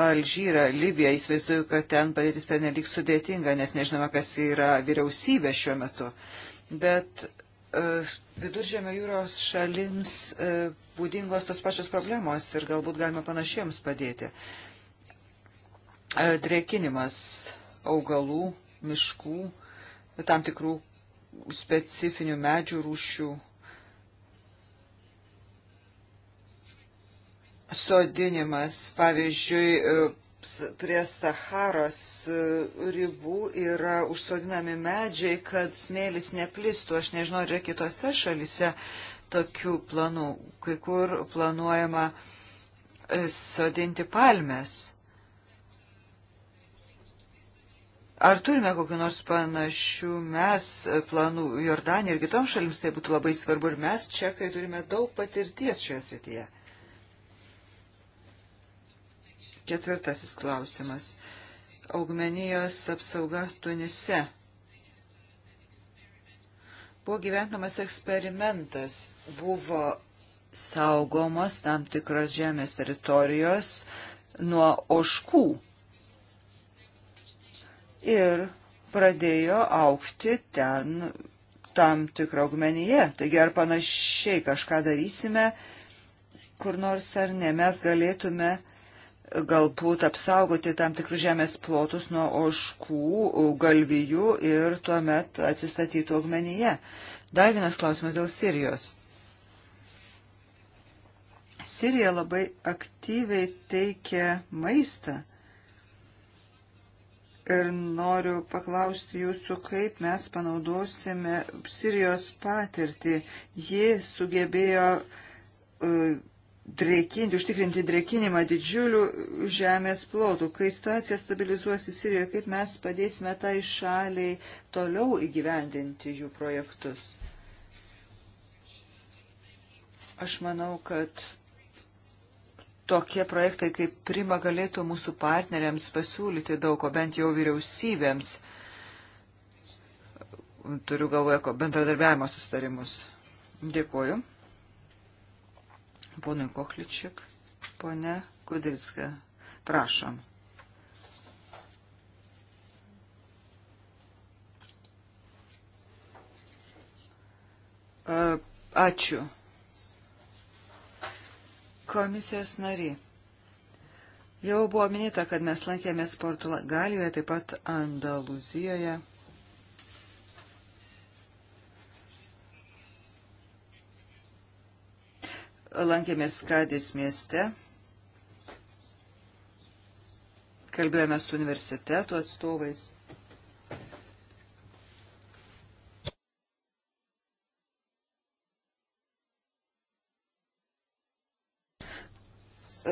Alžyrą, Libiją. Įsivaizduoju, kad ten padėtis penelik sudėtinga, nes nežinoma, kas yra vyriausybė šiuo metu. Bet uh, viduržėmio jūros šalims uh, būdingos tos pačios problemos ir galbūt galima panašiems padėti. Uh, drekinimas augalų, miškų, tam tikrų specifinių medžių rūšių sodinimas, pavyzdžiui, e, prie Saharos e, ribų yra užsodinami medžiai, kad smėlis neplistų. Aš nežinau, ar yra kitose šalise tokių planų. Kai kur planuojama e, sodinti palmes. Ar turime kokiu nors panašių mes planų Jordanija ir kitoms šalims, tai būtų labai svarbu ir mes čia, kai turime daug patirties šioje srityje. Ketvirtasis klausimas. Augmenijos apsauga Tunise. Buvo gyventamas eksperimentas, buvo saugomos tam tikros žemės teritorijos nuo oškų ir pradėjo aukti ten tam tikrą augmenyje. Taigi ar panašiai kažką darysime, kur nors ar ne, mes galėtume galbūt apsaugoti tam tikrus žemės plotus nuo oškų, galvijų ir tuomet atsistatytų augmenyje. Dar vienas klausimas dėl Sirijos. Sirija labai aktyviai teikia maistą Ir noriu paklausti jūsų, kaip mes panaudosime Sirijos patirtį. Ji sugebėjo uh, drekinti, užtikrinti drekinimą didžiulių žemės plotų. Kai situacija stabilizuosi Sirijoje, kaip mes padėsime tai šaliai toliau įgyvendinti jų projektus? Aš manau, kad tokie projektai kaip Prima galėtų mūsų partneriams pasiūlyti daug ko, bent jau vyriausybėms. Turiu galvoje bendradarbiavimo sustarimus. Dėkuoju. Ponui Kohličiuk, ponė Kudilska, prašom. Ačiū. Komisijos nariai. Jau buvo minėta, kad mes lankėmės Portugalijoje, taip pat Andaluzijoje. Lankėmės Kadis mieste. Kalbėjome su universiteto atstovais.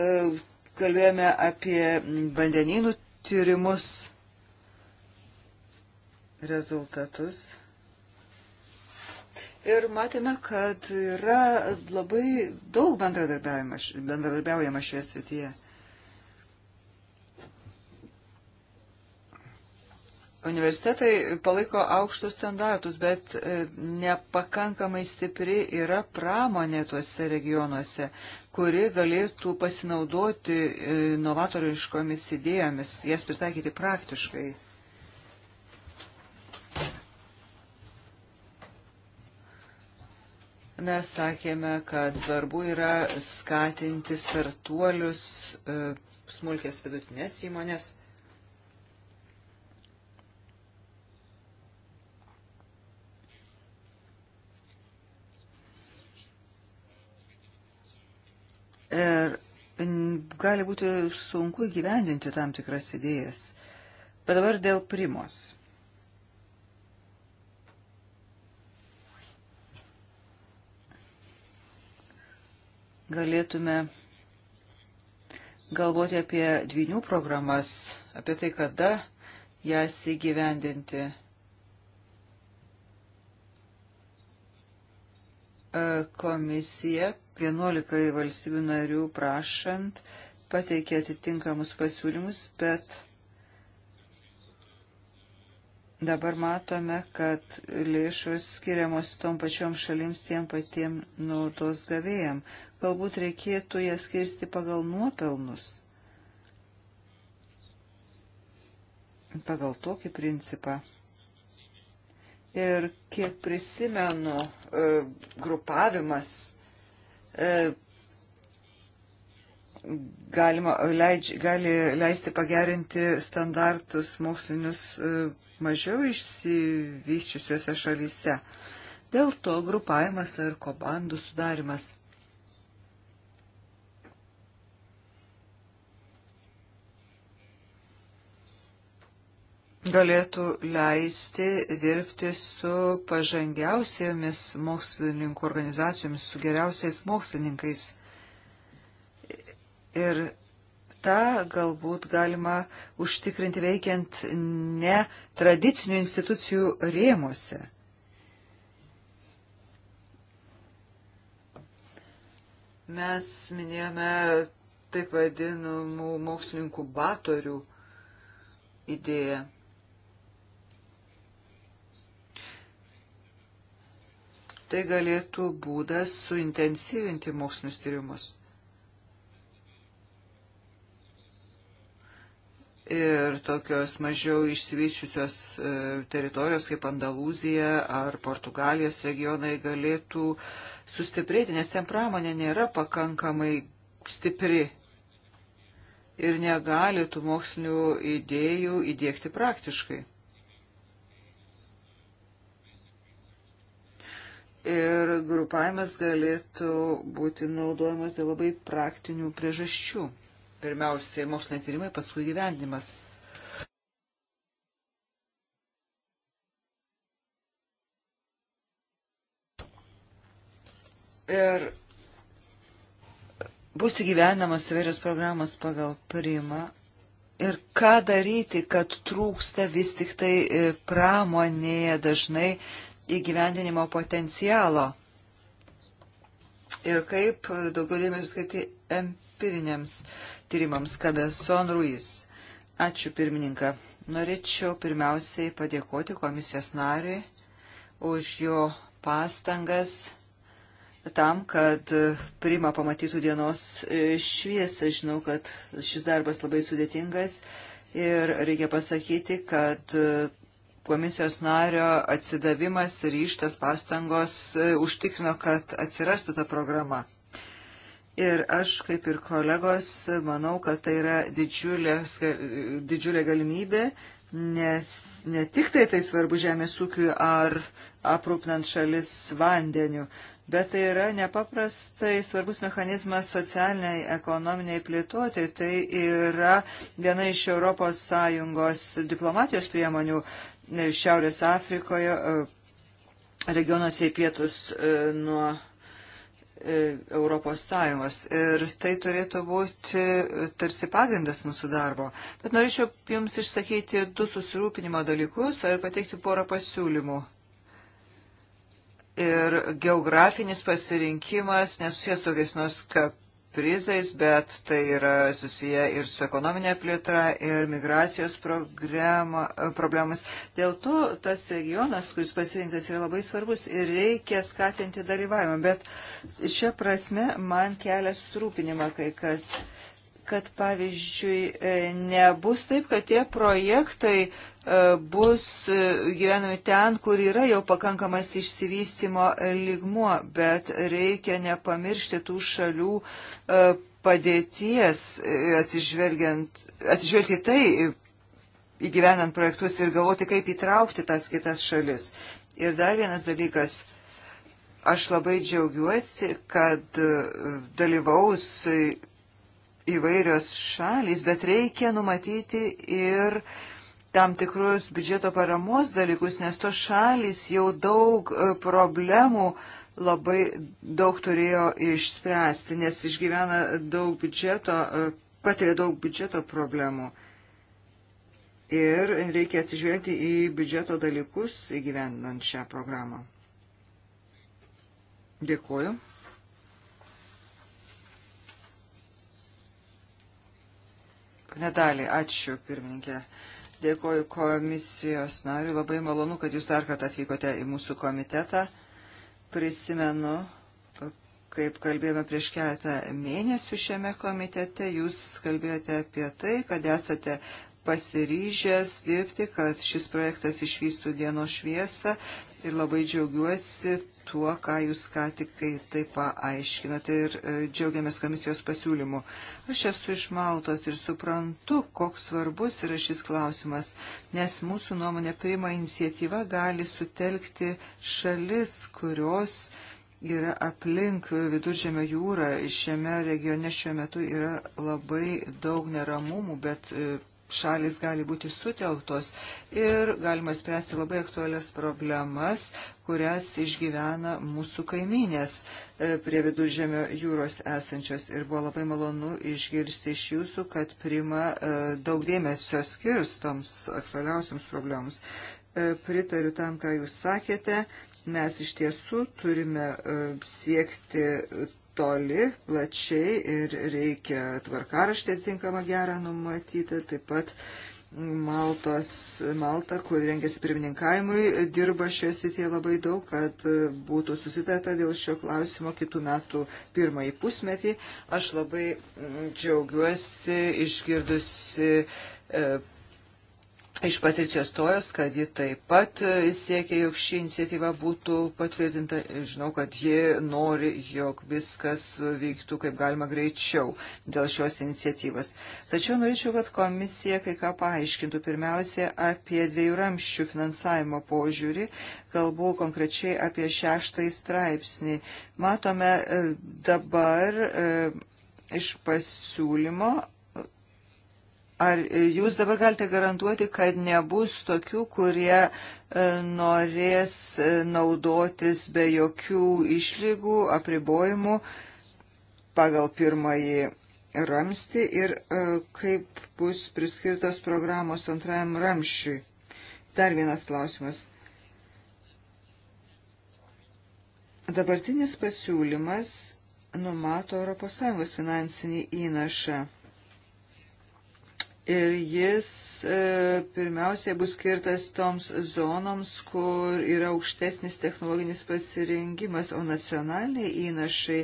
E, kalbėjome apie vandenynų tyrimus rezultatus. Ir matėme, kad yra labai daug bendradarbiaujama šioje srityje. Universitetai palaiko aukštus standartus, bet e, nepakankamai stipri yra pramonė tuose regionuose, kuri galėtų pasinaudoti e, novatoriškomis idėjomis, jas pritaikyti praktiškai. Mes sakėme, kad svarbu yra skatinti startuolius, e, smulkės vidutinės įmonės Ir gali būti sunku įgyvendinti tam tikras idėjas. Bet dabar dėl primos. Galėtume galvoti apie dvinių programas, apie tai, kada jas įgyvendinti. Komisija 11 valstybių narių prašant pateikė atitinkamus pasiūlymus, bet dabar matome, kad lėšos skiriamos tom pačiom šalims tiem patiem naudos gavėjam. Galbūt reikėtų jas skirsti pagal nuopelnus. Pagal tokį principą. Ir kiek prisimenu, e, grupavimas e, galima, leidž, gali leisti pagerinti standartus mokslinius e, mažiau išsivyščiusiuose šalyse. Dėl to grupavimas ar komandų sudarimas – galėtų leisti dirbti su pažangiausiamis mokslininkų organizacijomis, su geriausiais mokslininkais. Ir tą galbūt galima užtikrinti veikiant ne tradicinių institucijų rėmuose. Mes minėjome taip vadinamų mokslininkų batorių idėją. Tai galėtų būdas suintensyvinti mokslinius tyrimus. Ir tokios mažiau išsivyščiusios e, teritorijos kaip Andalūzija ar Portugalijos regionai galėtų sustiprėti, nes ten pramonė nėra pakankamai stipri ir negali tų mokslinių idėjų įdėkti praktiškai. ir grupavimas galėtų būti naudojamas dėl labai praktinių priežasčių. Pirmiausiai moksliniai tyrimai, paskui gyvendimas. Ir bus įgyvenamos įvairios programos pagal primą. Ir ką daryti, kad trūksta vis tik tai e, pramonėje dažnai įgyvendinimo potencialo ir kaip daugiau dėmesio skirti empiriniams tyrimams. Kabeson Ruiz. Ačiū pirmininką. Norėčiau pirmiausiai padėkoti komisijos nariui už jo pastangas tam, kad Prima pamatytų dienos šviesą. Žinau, kad šis darbas labai sudėtingas ir reikia pasakyti, kad komisijos nario atsidavimas ir ištas pastangos e, užtikrino, kad atsirastų ta programa. Ir aš, kaip ir kolegos, manau, kad tai yra didžiulė, didžiulė galimybė, nes ne tik tai tai svarbu žemės ūkiui ar aprūpnant šalis vandeniu, bet tai yra nepaprastai svarbus mechanizmas socialiniai, ekonominiai plėtoti. Tai yra viena iš ES diplomatijos priemonių. E, Šiaurės Afrikoje, e, regionuose į pietus e, nuo Europos Sąjungos. Ir tai turėtų būti tarsi pagrindas mūsų darbo. Bet norėčiau Jums išsakyti du susirūpinimo dalykus ir pateikti porą pasiūlymų. Ir geografinis pasirinkimas nesusijęs tokiais nors kap prizais, bet tai yra susiję ir su ekonominė plėtra ir migracijos e, problemas. Dėl to tas regionas, kuris pasirinktas, yra labai svarbus ir reikia skatinti dalyvavimą. Bet šią prasme man kelia susirūpinimą kai kas kad pavyzdžiui e, nebus taip, kad tie projektai E, bus e, gyvenami ten, kur yra jau pakankamas išsivystimo lygmuo, bet reikia nepamiršti tų šalių e, padėties, atsižvelgti tai, įgyvenant projektus ir galvoti, kaip įtraukti tas kitas šalis. Ir dar vienas dalykas, aš labai džiaugiuosi, kad dalyvaus įvairios šalys, bet reikia numatyti ir uh, tam tikrus biudžeto paramos dalykus, nes to šalis jau daug e, problemų labai daug turėjo išspręsti, nes išgyvena daug biudžeto, e, patiria daug biudžeto problemų. Ir reikia atsižvelgti į biudžeto dalykus įgyvendant šią programą. Dėkuoju. Nedalį, ačiū pirmininkė. Dėkoju komisijos nariui. Labai malonu, kad jūs dar kartą atvykote į mūsų komitetą. Prisimenu, kaip kalbėjome prieš keletą mėnesių šiame komitete, jūs kalbėjote apie tai, kad esate pasiryžęs dirbti, kad šis projektas išvystų dienos šviesą ir labai džiaugiuosi tuo, ką jūs ką tik taip paaiškinote ir e, džiaugiamės komisijos pasiūlymu. Aš esu iš Maltos ir suprantu, koks svarbus yra šis klausimas, nes mūsų nuomonė priima iniciatyva gali sutelkti šalis, kurios yra aplink viduržėmio jūrą. Šiame regione šiuo metu yra labai daug neramumų, bet e, šalis gali būti sutelktos ir galima spręsti labai aktualias problemas, kurias išgyvena mūsų kaiminės e, prie viduržėmio jūros esančios. Ir buvo labai malonu išgirsti iš jūsų, kad prima e, daug dėmesio skirstoms aktualiausiams problemams. E, pritariu tam, ką jūs sakėte. Mes iš tiesų turime siekti toli, plačiai ir reikia tvarkaraštį atitinkamą gerą numatyti. Taip pat Maltos, Malta, kur rengėsi pirmininkavimui, dirba šioje srityje labai daug, kad būtų susitarta dėl šio klausimo kitų metų pirmąjį pusmetį. Aš labai džiaugiuosi išgirdusi e, iš Patricijos Tojos, kad ji taip pat e, siekia, jog ši iniciatyva būtų patvirtinta. Žinau, kad ji nori, jog viskas vyktų kaip galima greičiau dėl šios iniciatyvos. Tačiau norėčiau, kad komisija kai ką paaiškintų. Pirmiausia, apie dviejų ramščių finansavimo požiūrį. Kalbu konkrečiai apie šeštąjį straipsnį. Matome e, dabar e, iš pasiūlymo Ar jūs dabar galite garantuoti, kad nebus tokių, kurie e, norės e, naudotis be jokių išlygų, apribojimų pagal pirmąjį ramstį ir e, kaip bus priskirtos programos antrajam ramščiui? Dar vienas klausimas. Dabartinis pasiūlymas numato ES finansinį įnašą Ir jis e, pirmiausiai bus skirtas toms zonoms, kur yra aukštesnis technologinis pasirengimas, o nacionaliniai įnašai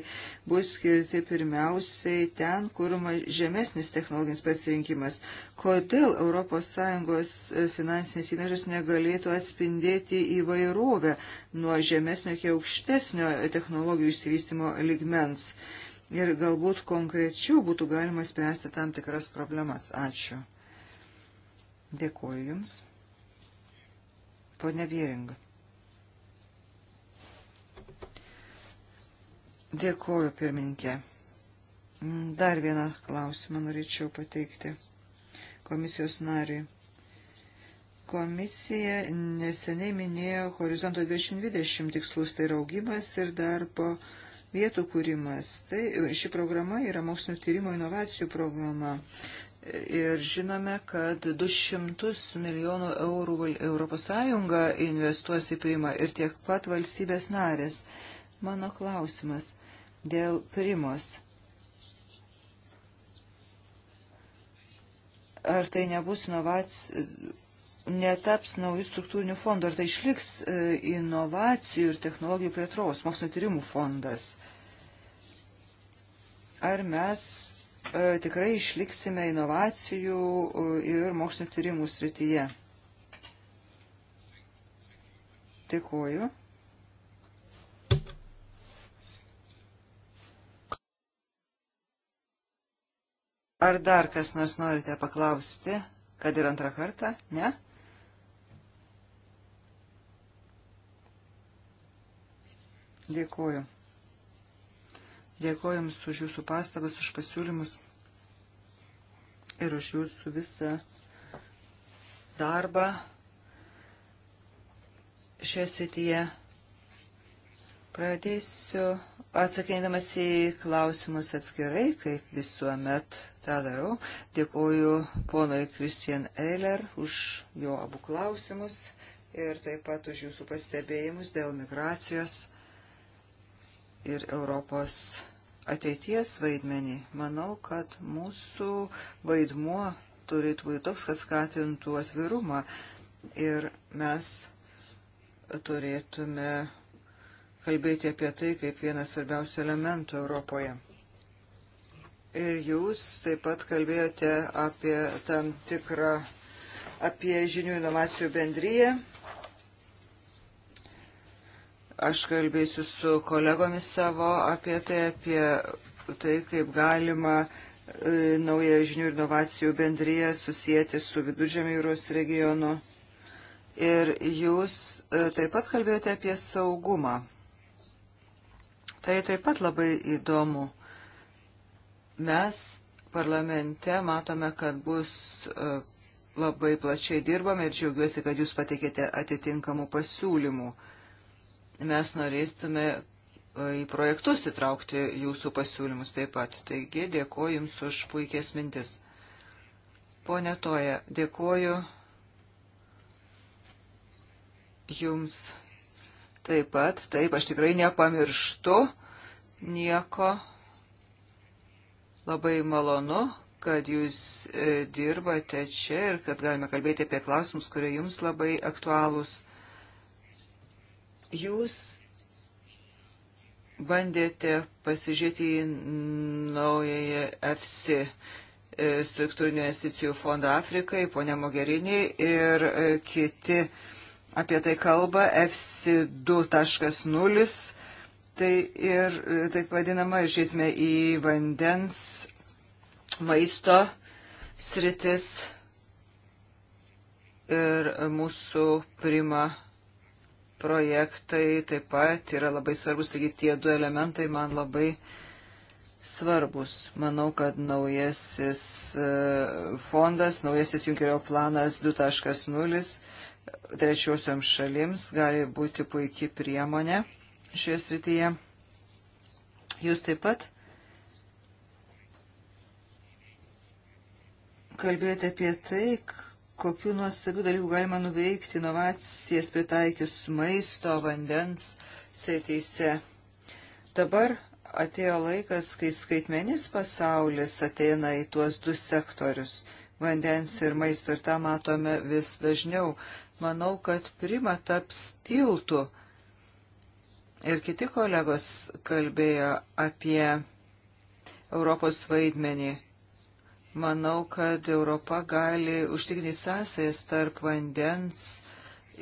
bus skirti pirmiausiai ten, kur žemesnis technologinis pasirinkimas. Kodėl ES e, finansinis įnašas negalėtų atspindėti įvairovę nuo žemesnio iki aukštesnio technologijų išsivystimo ligmens? Uh, ir galbūt konkrečiau būtų galima spręsti tam tikras problemas. Ačiū. Dėkuoju Jums. Pone Vieringa. Dėkuoju, pirmininkė. Dar vieną klausimą norėčiau pateikti komisijos nariui. Komisija neseniai minėjo horizonto 2020 tikslus, tai yra augimas ir darbo po vietų kūrimas. Tai ši programa yra mokslinio tyrimo inovacijų programa. Ir žinome, kad 200 milijonų eurų ES investuos į primą ir tiek pat valstybės narės. Mano klausimas dėl primos. Ar tai nebus inovacijų netaps naujų struktūrinių fondų, ar tai išliks e, inovacijų ir technologijų plėtros, mokslinio tyrimų fondas. Ar mes e, tikrai išliksime inovacijų e, ir mokslinio tyrimų srityje. Dėkuoju. Ar dar kas nors norite paklausti, kad ir antrą kartą? Ne? Dėkuoju. Dėkuoju Jums už Jūsų pastabas, už pasiūlymus ir už Jūsų visą darbą šioje srityje. Pradėsiu atsakindamas į klausimus atskirai, kaip visuomet tą darau. Dėkuoju ponui Christian Eiler už jo abu klausimus ir taip pat už jūsų pastebėjimus dėl migracijos ir Europos ateities vaidmenį. Manau, kad mūsų vaidmuo turėtų būti toks, kad skatintų atvirumą ir mes turėtume kalbėti apie tai kaip vienas svarbiausių elementų Europoje. Ir jūs taip pat kalbėjote apie tam tikrą, apie žinių inovacijų bendryje Aš kalbėsiu su kolegomis savo apie tai, apie tai, kaip galima e, naują žinių ir inovacijų bendryje susijęti su viduržėmio jūros regionu. Ir jūs e, taip pat kalbėjote apie saugumą. Tai taip pat labai įdomu. Mes parlamente matome, kad bus e, labai plačiai dirbame ir džiaugiuosi, kad jūs pateikėte atitinkamų pasiūlymų mes norėtume e, į projektus įtraukti jūsų pasiūlymus taip pat. Taigi dėkoju Jums už puikias mintis. Pone Toja, dėkoju Jums taip pat. Taip, aš tikrai nepamirštu nieko. Labai malonu, kad Jūs e, dirbate čia ir kad galime kalbėti apie klausimus, kurie Jums labai aktualūs. Jūs bandėte pasižiūrėti į naująją FC e, struktūrinių investicijų fondą Afrikai, ponia Mogherini ir e, kiti apie tai kalba FC 2.0. Tai ir e, taip vadinama, išėsime į vandens maisto sritis ir mūsų prima projektai taip pat yra labai svarbus, taigi tie du elementai man labai svarbus. Manau, kad naujasis e, fondas, naujasis Junkerio planas 2.0 trečiosioms šalims gali būti puikiai priemonė šioje srityje. Jūs taip pat kalbėjote apie tai, kokiu nuostabiu dalykų galima nuveikti inovacijas pritaikius maisto, vandens srityse. Dabar atėjo laikas, kai skaitmenis pasaulis ateina į tuos du sektorius - vandens ir maisto, ir tą matome vis dažniau. Manau, kad prima taps tiltų. Ir kiti kolegos kalbėjo apie Europos vaidmenį Manau, kad Europa gali užtikrinti sąsajas tarp vandens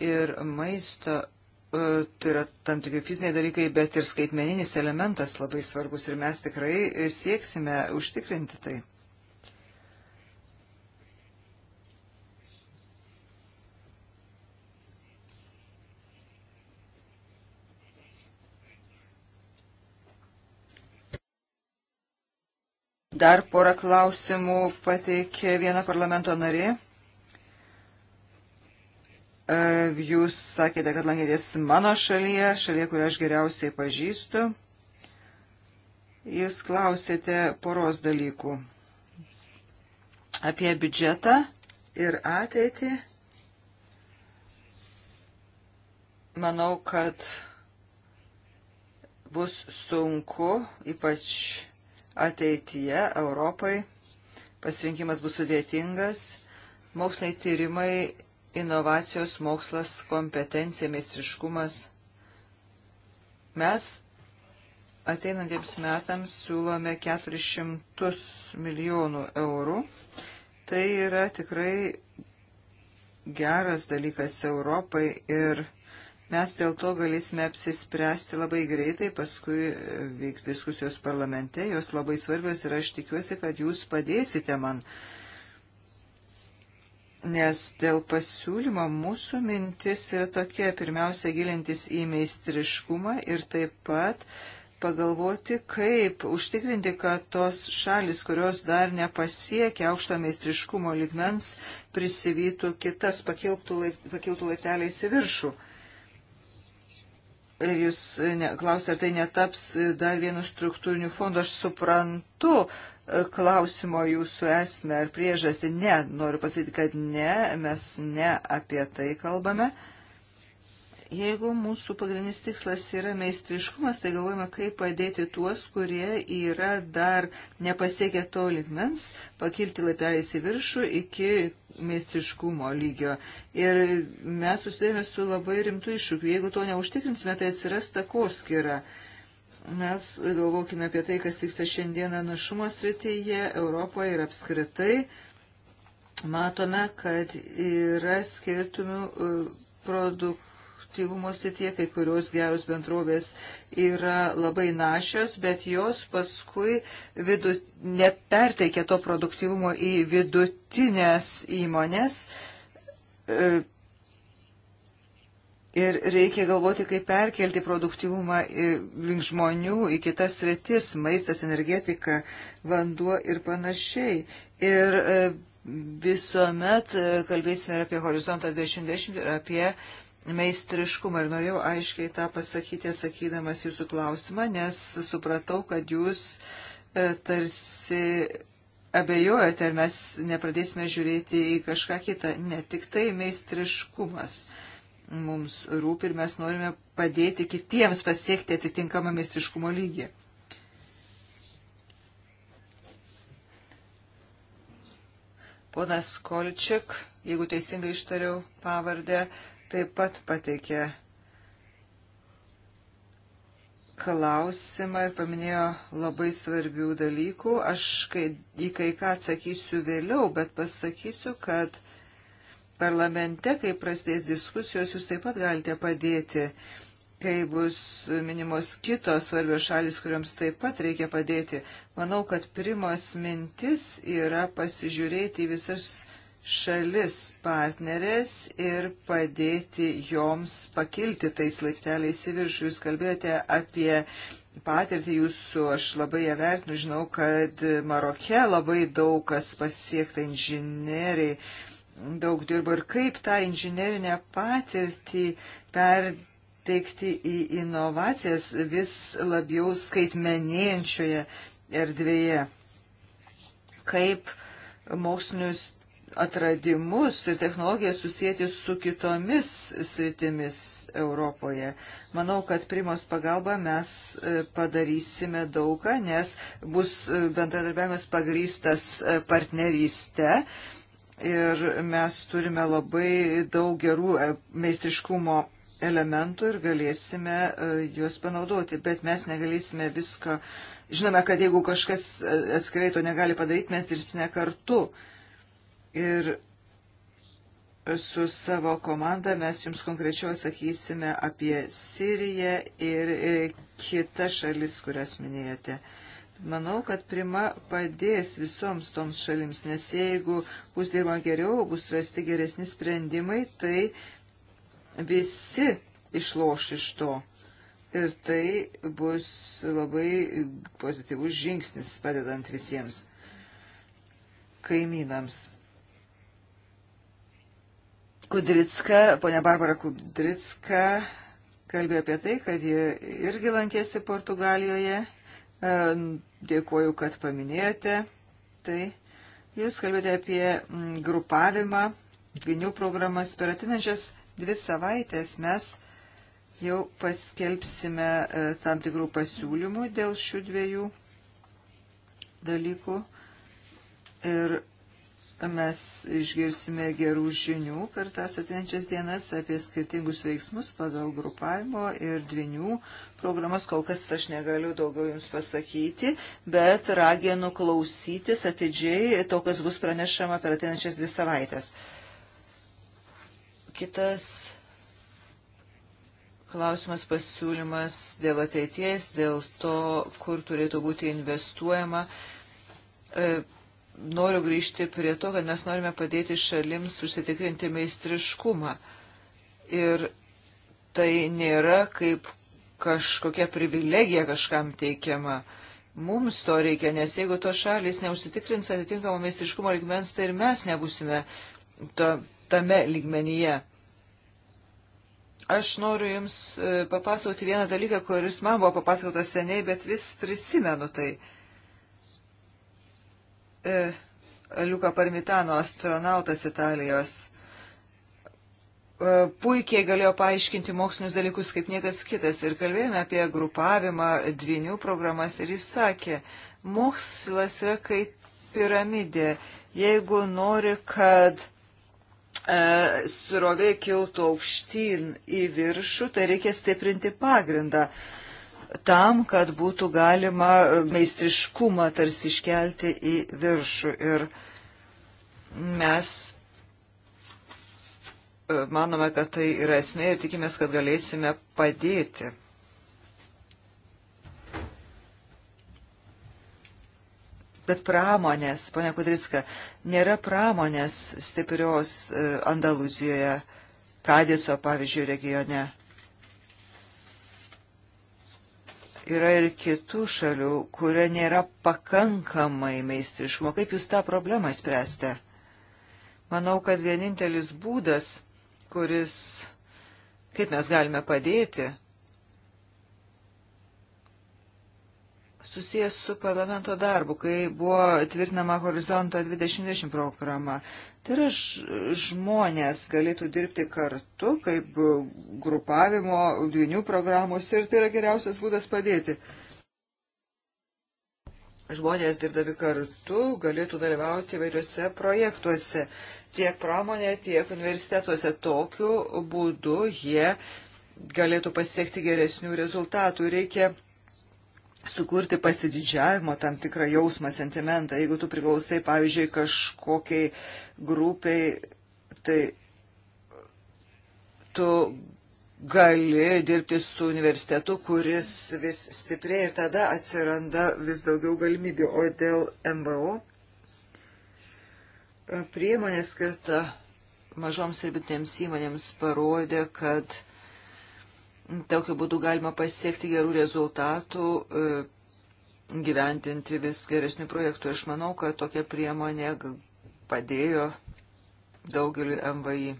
ir maisto. E, tai yra tam tikri fiziniai dalykai, bet ir skaitmeninis elementas labai svarbus ir mes tikrai sieksime užtikrinti tai. Dar porą klausimų pateikė viena parlamento narė. E, jūs sakėte, kad lankėtės mano šalyje, šalyje, kurią aš geriausiai pažįstu. Jūs klausėte poros dalykų apie biudžetą ir ateitį. Manau, kad bus sunku, ypač ateityje Europai. Pasirinkimas bus sudėtingas. Moksliniai tyrimai, inovacijos, mokslas, kompetencija, meistriškumas. Mes ateinantiems metams siūlome 400 milijonų eurų. Tai yra tikrai geras dalykas Europai ir Mes dėl to galėsime apsispręsti labai greitai, paskui e, vyks diskusijos parlamente, jos labai svarbios ir aš tikiuosi, kad jūs padėsite man. Nes dėl pasiūlymo mūsų mintis yra tokia, pirmiausia, gilintis į meistriškumą ir taip pat pagalvoti, kaip užtikrinti, kad tos šalis, kurios dar nepasiekia aukšto meistriškumo ligmens, prisivytų kitas, pakiltų, laip, pakiltų laipteliais į viršų. Jūs e, klausite, ar tai netaps e, dar vienu struktūriniu fondu. Aš suprantu e, klausimo jūsų esmę ar priežastį. Ne, noriu pasakyti, kad ne, mes ne apie tai kalbame. Uh, Jeigu mūsų pagrindinis tikslas yra meistriškumas, tai galvojame, kaip padėti tuos, kurie yra dar nepasiekę to ligmens, pakilti laipeliais į viršų iki meistriškumo lygio. Ir mes susidėmė su labai rimtu iššūkiu. Jeigu to neužtikrinsime, tai atsiras takoskira. Mes galvokime apie tai, kas vyksta šiandieną našumo srityje, Europoje ir apskritai. Matome, kad yra skirtumų e, produk aktyvumo srityje, kai kurios geros bendrovės yra labai našios, bet jos paskui vidu, neperteikia to produktyvumo į vidutinės įmonės. E, ir reikia galvoti, kaip perkelti produktyvumą link žmonių į kitas sritis - maistas, energetika, vanduo ir panašiai. Ir e, visuomet e, kalbėsime ir apie horizontą 2020 ir apie meistriškumą ir norėjau aiškiai tą pasakyti, sakydamas jūsų klausimą, nes supratau, kad jūs e, tarsi abejojate, ar mes nepradėsime žiūrėti į kažką kitą. Ne tik tai meistriškumas mums rūpi ir mes norime padėti kitiems pasiekti atitinkamą meistriškumo lygį. Ponas Kolčiak, jeigu teisingai ištariau pavardę, taip pat pateikė klausimą ir paminėjo labai svarbių dalykų. Aš kai, į kai ką atsakysiu vėliau, bet pasakysiu, kad parlamente, kai prasidės diskusijos, jūs taip pat galite padėti, kai bus minimos kitos svarbios šalis, kuriuoms taip pat reikia padėti. Manau, kad primos mintis yra pasižiūrėti į visas šalis partnerės ir padėti joms pakilti tais laipteliais į viršų. Jūs kalbėjote apie patirtį jūsų, aš labai ją vertinu, žinau, kad Maroke labai daug kas pasiekta inžinieriai, daug dirbo ir kaip tą inžinierinę patirtį perteikti į inovacijas vis labiau skaitmenėjančioje erdvėje. Kaip mokslinius atradimus ir technologijas susijęti su kitomis sritimis Europoje. Manau, kad primos pagalba mes e, padarysime daugą, nes bus e, bendradarbiavimas pagrystas e, partnerystė. Ir mes turime labai daug gerų meistriškumo elementų ir galėsime juos panaudoti, bet mes negalėsime visko. Žinome, kad jeigu kažkas atskirai to negali padaryti, mes dirbsime kartu. Uh, Ir su savo komanda mes jums konkrečiau sakysime apie Siriją ir e, kitas šalis, kurias minėjote. Manau, kad prima padės visoms toms šalims, nes jeigu bus dirbama geriau, bus rasti geresni sprendimai, tai visi išloš iš to. Ir tai bus labai pozityvus žingsnis padedant visiems kaimynams Kudricka, ponia Barbara Kudricka kalbėjo apie tai, kad jie irgi lankėsi Portugalijoje. E, dėkuoju, kad paminėjote. Tai jūs kalbėjote apie mm, grupavimą, dvinių programas. Per atinančias dvi savaitės mes jau paskelbsime e, tam tikrų pasiūlymų dėl šių dviejų dalykų. Ir mes išgirsime gerų žinių per tas atinančias dienas apie skirtingus veiksmus pagal grupavimo ir dvinių programas. Kol kas aš negaliu daugiau Jums pasakyti, bet raginu klausytis atidžiai to, kas bus pranešama per atinančias dvi savaitės. Kitas klausimas pasiūlymas dėl ateities, dėl to, kur turėtų būti investuojama e, noriu grįžti prie to, kad mes norime padėti šalims užsitikrinti meistriškumą. Ir tai nėra kaip kažkokia privilegija kažkam teikiama. Mums to reikia, nes jeigu to šalis neužsitikrins atitinkamo meistriškumo lygmens, tai ir mes nebusime to, tame lygmenyje. Aš noriu Jums e, papasakoti vieną dalyką, kuris man buvo papasakotas seniai, bet vis prisimenu tai. Uh, E, Liuka Parmitano, astronautas Italijos, e, puikiai galėjo paaiškinti mokslinius dalykus kaip niekas kitas. Ir kalbėjome apie grupavimą, dvinių programas. Ir jis sakė, mokslas yra kaip piramidė. Jeigu nori, kad e, surovė kiltų aukštyn į viršų, tai reikia stiprinti pagrindą. E, tam, kad būtų galima meistriškumą tarsi iškelti į viršų. Ir mes e, manome, kad tai yra esmė ir tikimės, kad galėsime padėti. Bet pramonės, ponia Kudriska, nėra pramonės stiprios e, Andaluzijoje, Kadiso, pavyzdžiui, regione. Yra ir kitų šalių, kuria nėra pakankamai meistriškumo. Kaip jūs tą problemą spręsite? Manau, kad vienintelis būdas, kuris, kaip mes galime padėti, susijęs su parlamento darbu, kai buvo tvirtinama Horizonto 2020 programa. Tai yra žmonės galėtų dirbti kartu, kaip grupavimo, dvinių programos ir tai yra geriausias būdas padėti. Žmonės dirbdami kartu galėtų dalyvauti vairiuose projektuose, tiek pramonė, tiek universitetuose. Tokiu būdu jie galėtų pasiekti geresnių rezultatų. Reikia sukurti pasididžiavimo tam tikrą jausmą, sentimentą. Jeigu tu priklausai, pavyzdžiui, kažkokiai grupiai, tai tu gali dirbti su universitetu, kuris vis stiprėja ir tada atsiranda vis daugiau galimybių. O dėl MBO priemonė skirta mažoms ir vidutinėms įmonėms parodė, kad Tokiu būdu galima pasiekti gerų rezultatų, e, gyventinti vis geresnių projektų. Aš manau, kad tokia priemonė padėjo daugeliu MVI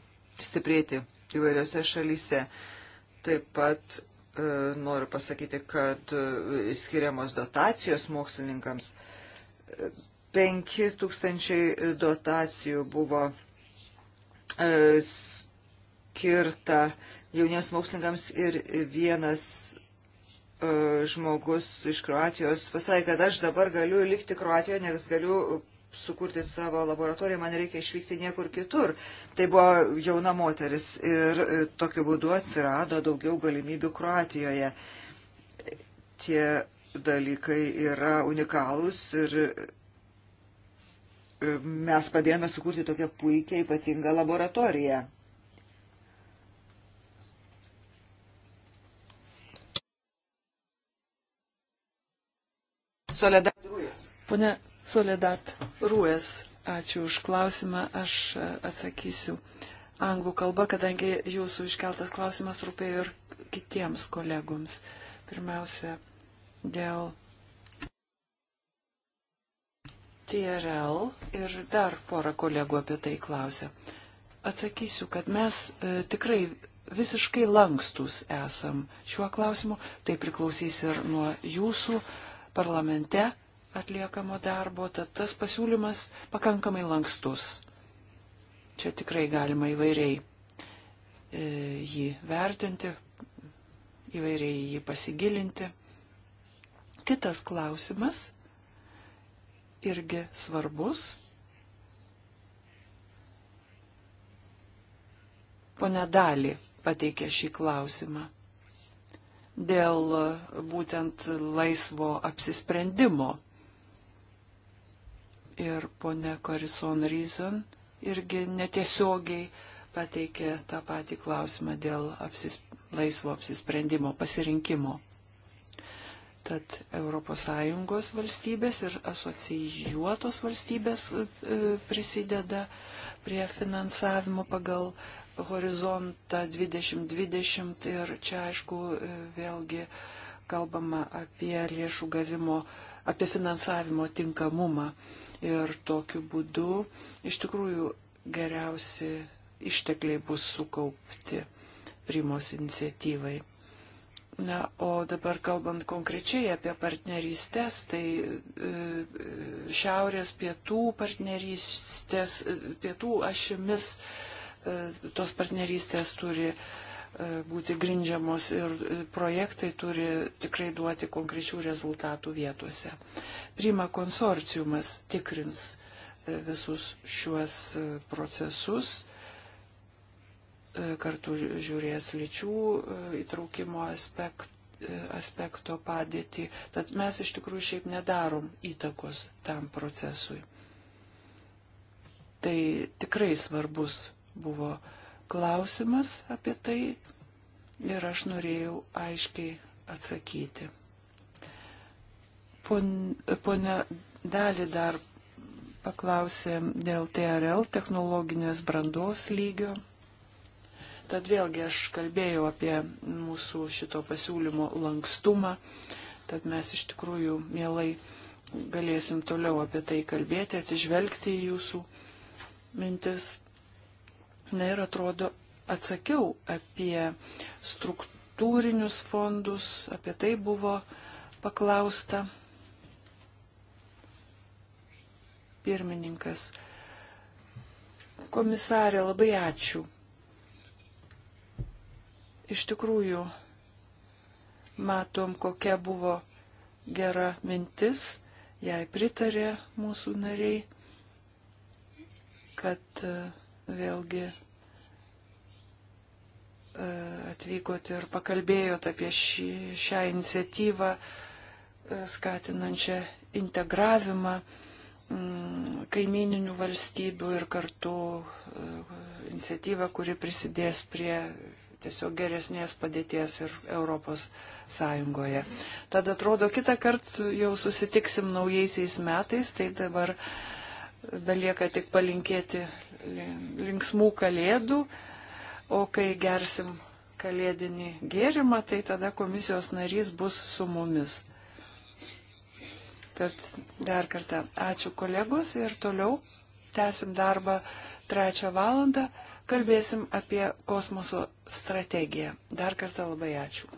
stiprėti įvairiose šalyse. Taip pat e, noriu pasakyti, kad e, skiriamos dotacijos mokslininkams. 5000 dotacijų buvo skirta jauniems mokslininkams ir vienas e, žmogus iš Kroatijos pasakė, kad aš dabar galiu likti Kroatijoje, nes galiu sukurti savo laboratoriją, man reikia išvykti niekur kitur. Tai buvo jauna moteris ir e, tokiu būdu atsirado daugiau galimybių Kroatijoje. Tie dalykai yra unikalūs ir e, mes padėjome sukurti tokią puikiai ypatingą laboratoriją. Soledat Rūjas. Pone Soledat Rūjas, ačiū už klausimą. Aš e, atsakysiu anglų kalba, kadangi jūsų iškeltas klausimas rūpėjo ir kitiems kolegoms. Pirmiausia, dėl TRL ir dar pora kolegų apie tai klausė. Atsakysiu, kad mes e, tikrai visiškai lankstus esam šiuo klausimu, tai priklausys ir nuo jūsų parlamente atliekamo darbo, tad tas pasiūlymas pakankamai lankstus. Čia tikrai galima įvairiai e, jį vertinti, įvairiai jį pasigilinti. Kitas klausimas irgi svarbus. Pone Dali pateikė šį klausimą dėl būtent laisvo apsisprendimo. Ir ponė Korison Ryzen irgi netiesiogiai pateikė tą patį klausimą dėl apsis, laisvo apsisprendimo, pasirinkimo. Tad ES valstybės ir asocijuotos valstybės e, prisideda prie finansavimo pagal horizontą 2020 ir čia aišku vėlgi kalbama apie lėšų gavimo, apie finansavimo tinkamumą ir tokiu būdu iš tikrųjų geriausi ištekliai bus sukaupti primos iniciatyvai. Na, o dabar kalbant konkrečiai apie partnerystės, tai e, e, šiaurės pietų partnerystės, e, pietų ašimis E, tos partnerystės turi e, būti grindžiamos ir e, projektai turi tikrai duoti konkrečių rezultatų vietose. Prima konsorciumas tikrins visus šiuos procesus, kartu žiūrės lyčių įtraukimo aspektų aspekto padėtį, tad mes iš tikrųjų šiaip nedarom įtakos tam procesui. Tai tikrai svarbus buvo klausimas apie tai ir aš norėjau aiškiai atsakyti. Pone Dali dar paklausė dėl TRL technologinės brandos lygio. Tad vėlgi aš kalbėjau apie mūsų šito pasiūlymo lankstumą, tad mes iš tikrųjų mielai galėsim toliau apie tai kalbėti, atsižvelgti į jūsų mintis. Na ir atrodo, atsakiau apie struktūrinius fondus, apie tai buvo paklausta pirmininkas. Komisarė, labai ačiū. Iš tikrųjų, matom, kokia buvo gera mintis, jai pritarė mūsų nariai, kad uh, vėlgi e, atvykot ir pakalbėjot apie šį, šią iniciatyvą, e, skatinančią integravimą mm, kaimininių valstybių ir kartu e, iniciatyvą, kuri prisidės prie tiesiog geresnės padėties ir Europos Sąjungoje. Tad atrodo, kitą kartą jau susitiksim naujaisiais metais, tai dabar belieka tik palinkėti linksmų kalėdų, o kai gersim kalėdinį gėrimą, tai tada komisijos narys bus su mumis. Tad dar kartą ačiū kolegos ir toliau tęsim darbą trečią valandą, kalbėsim apie kosmoso strategiją. Dar kartą labai ačiū.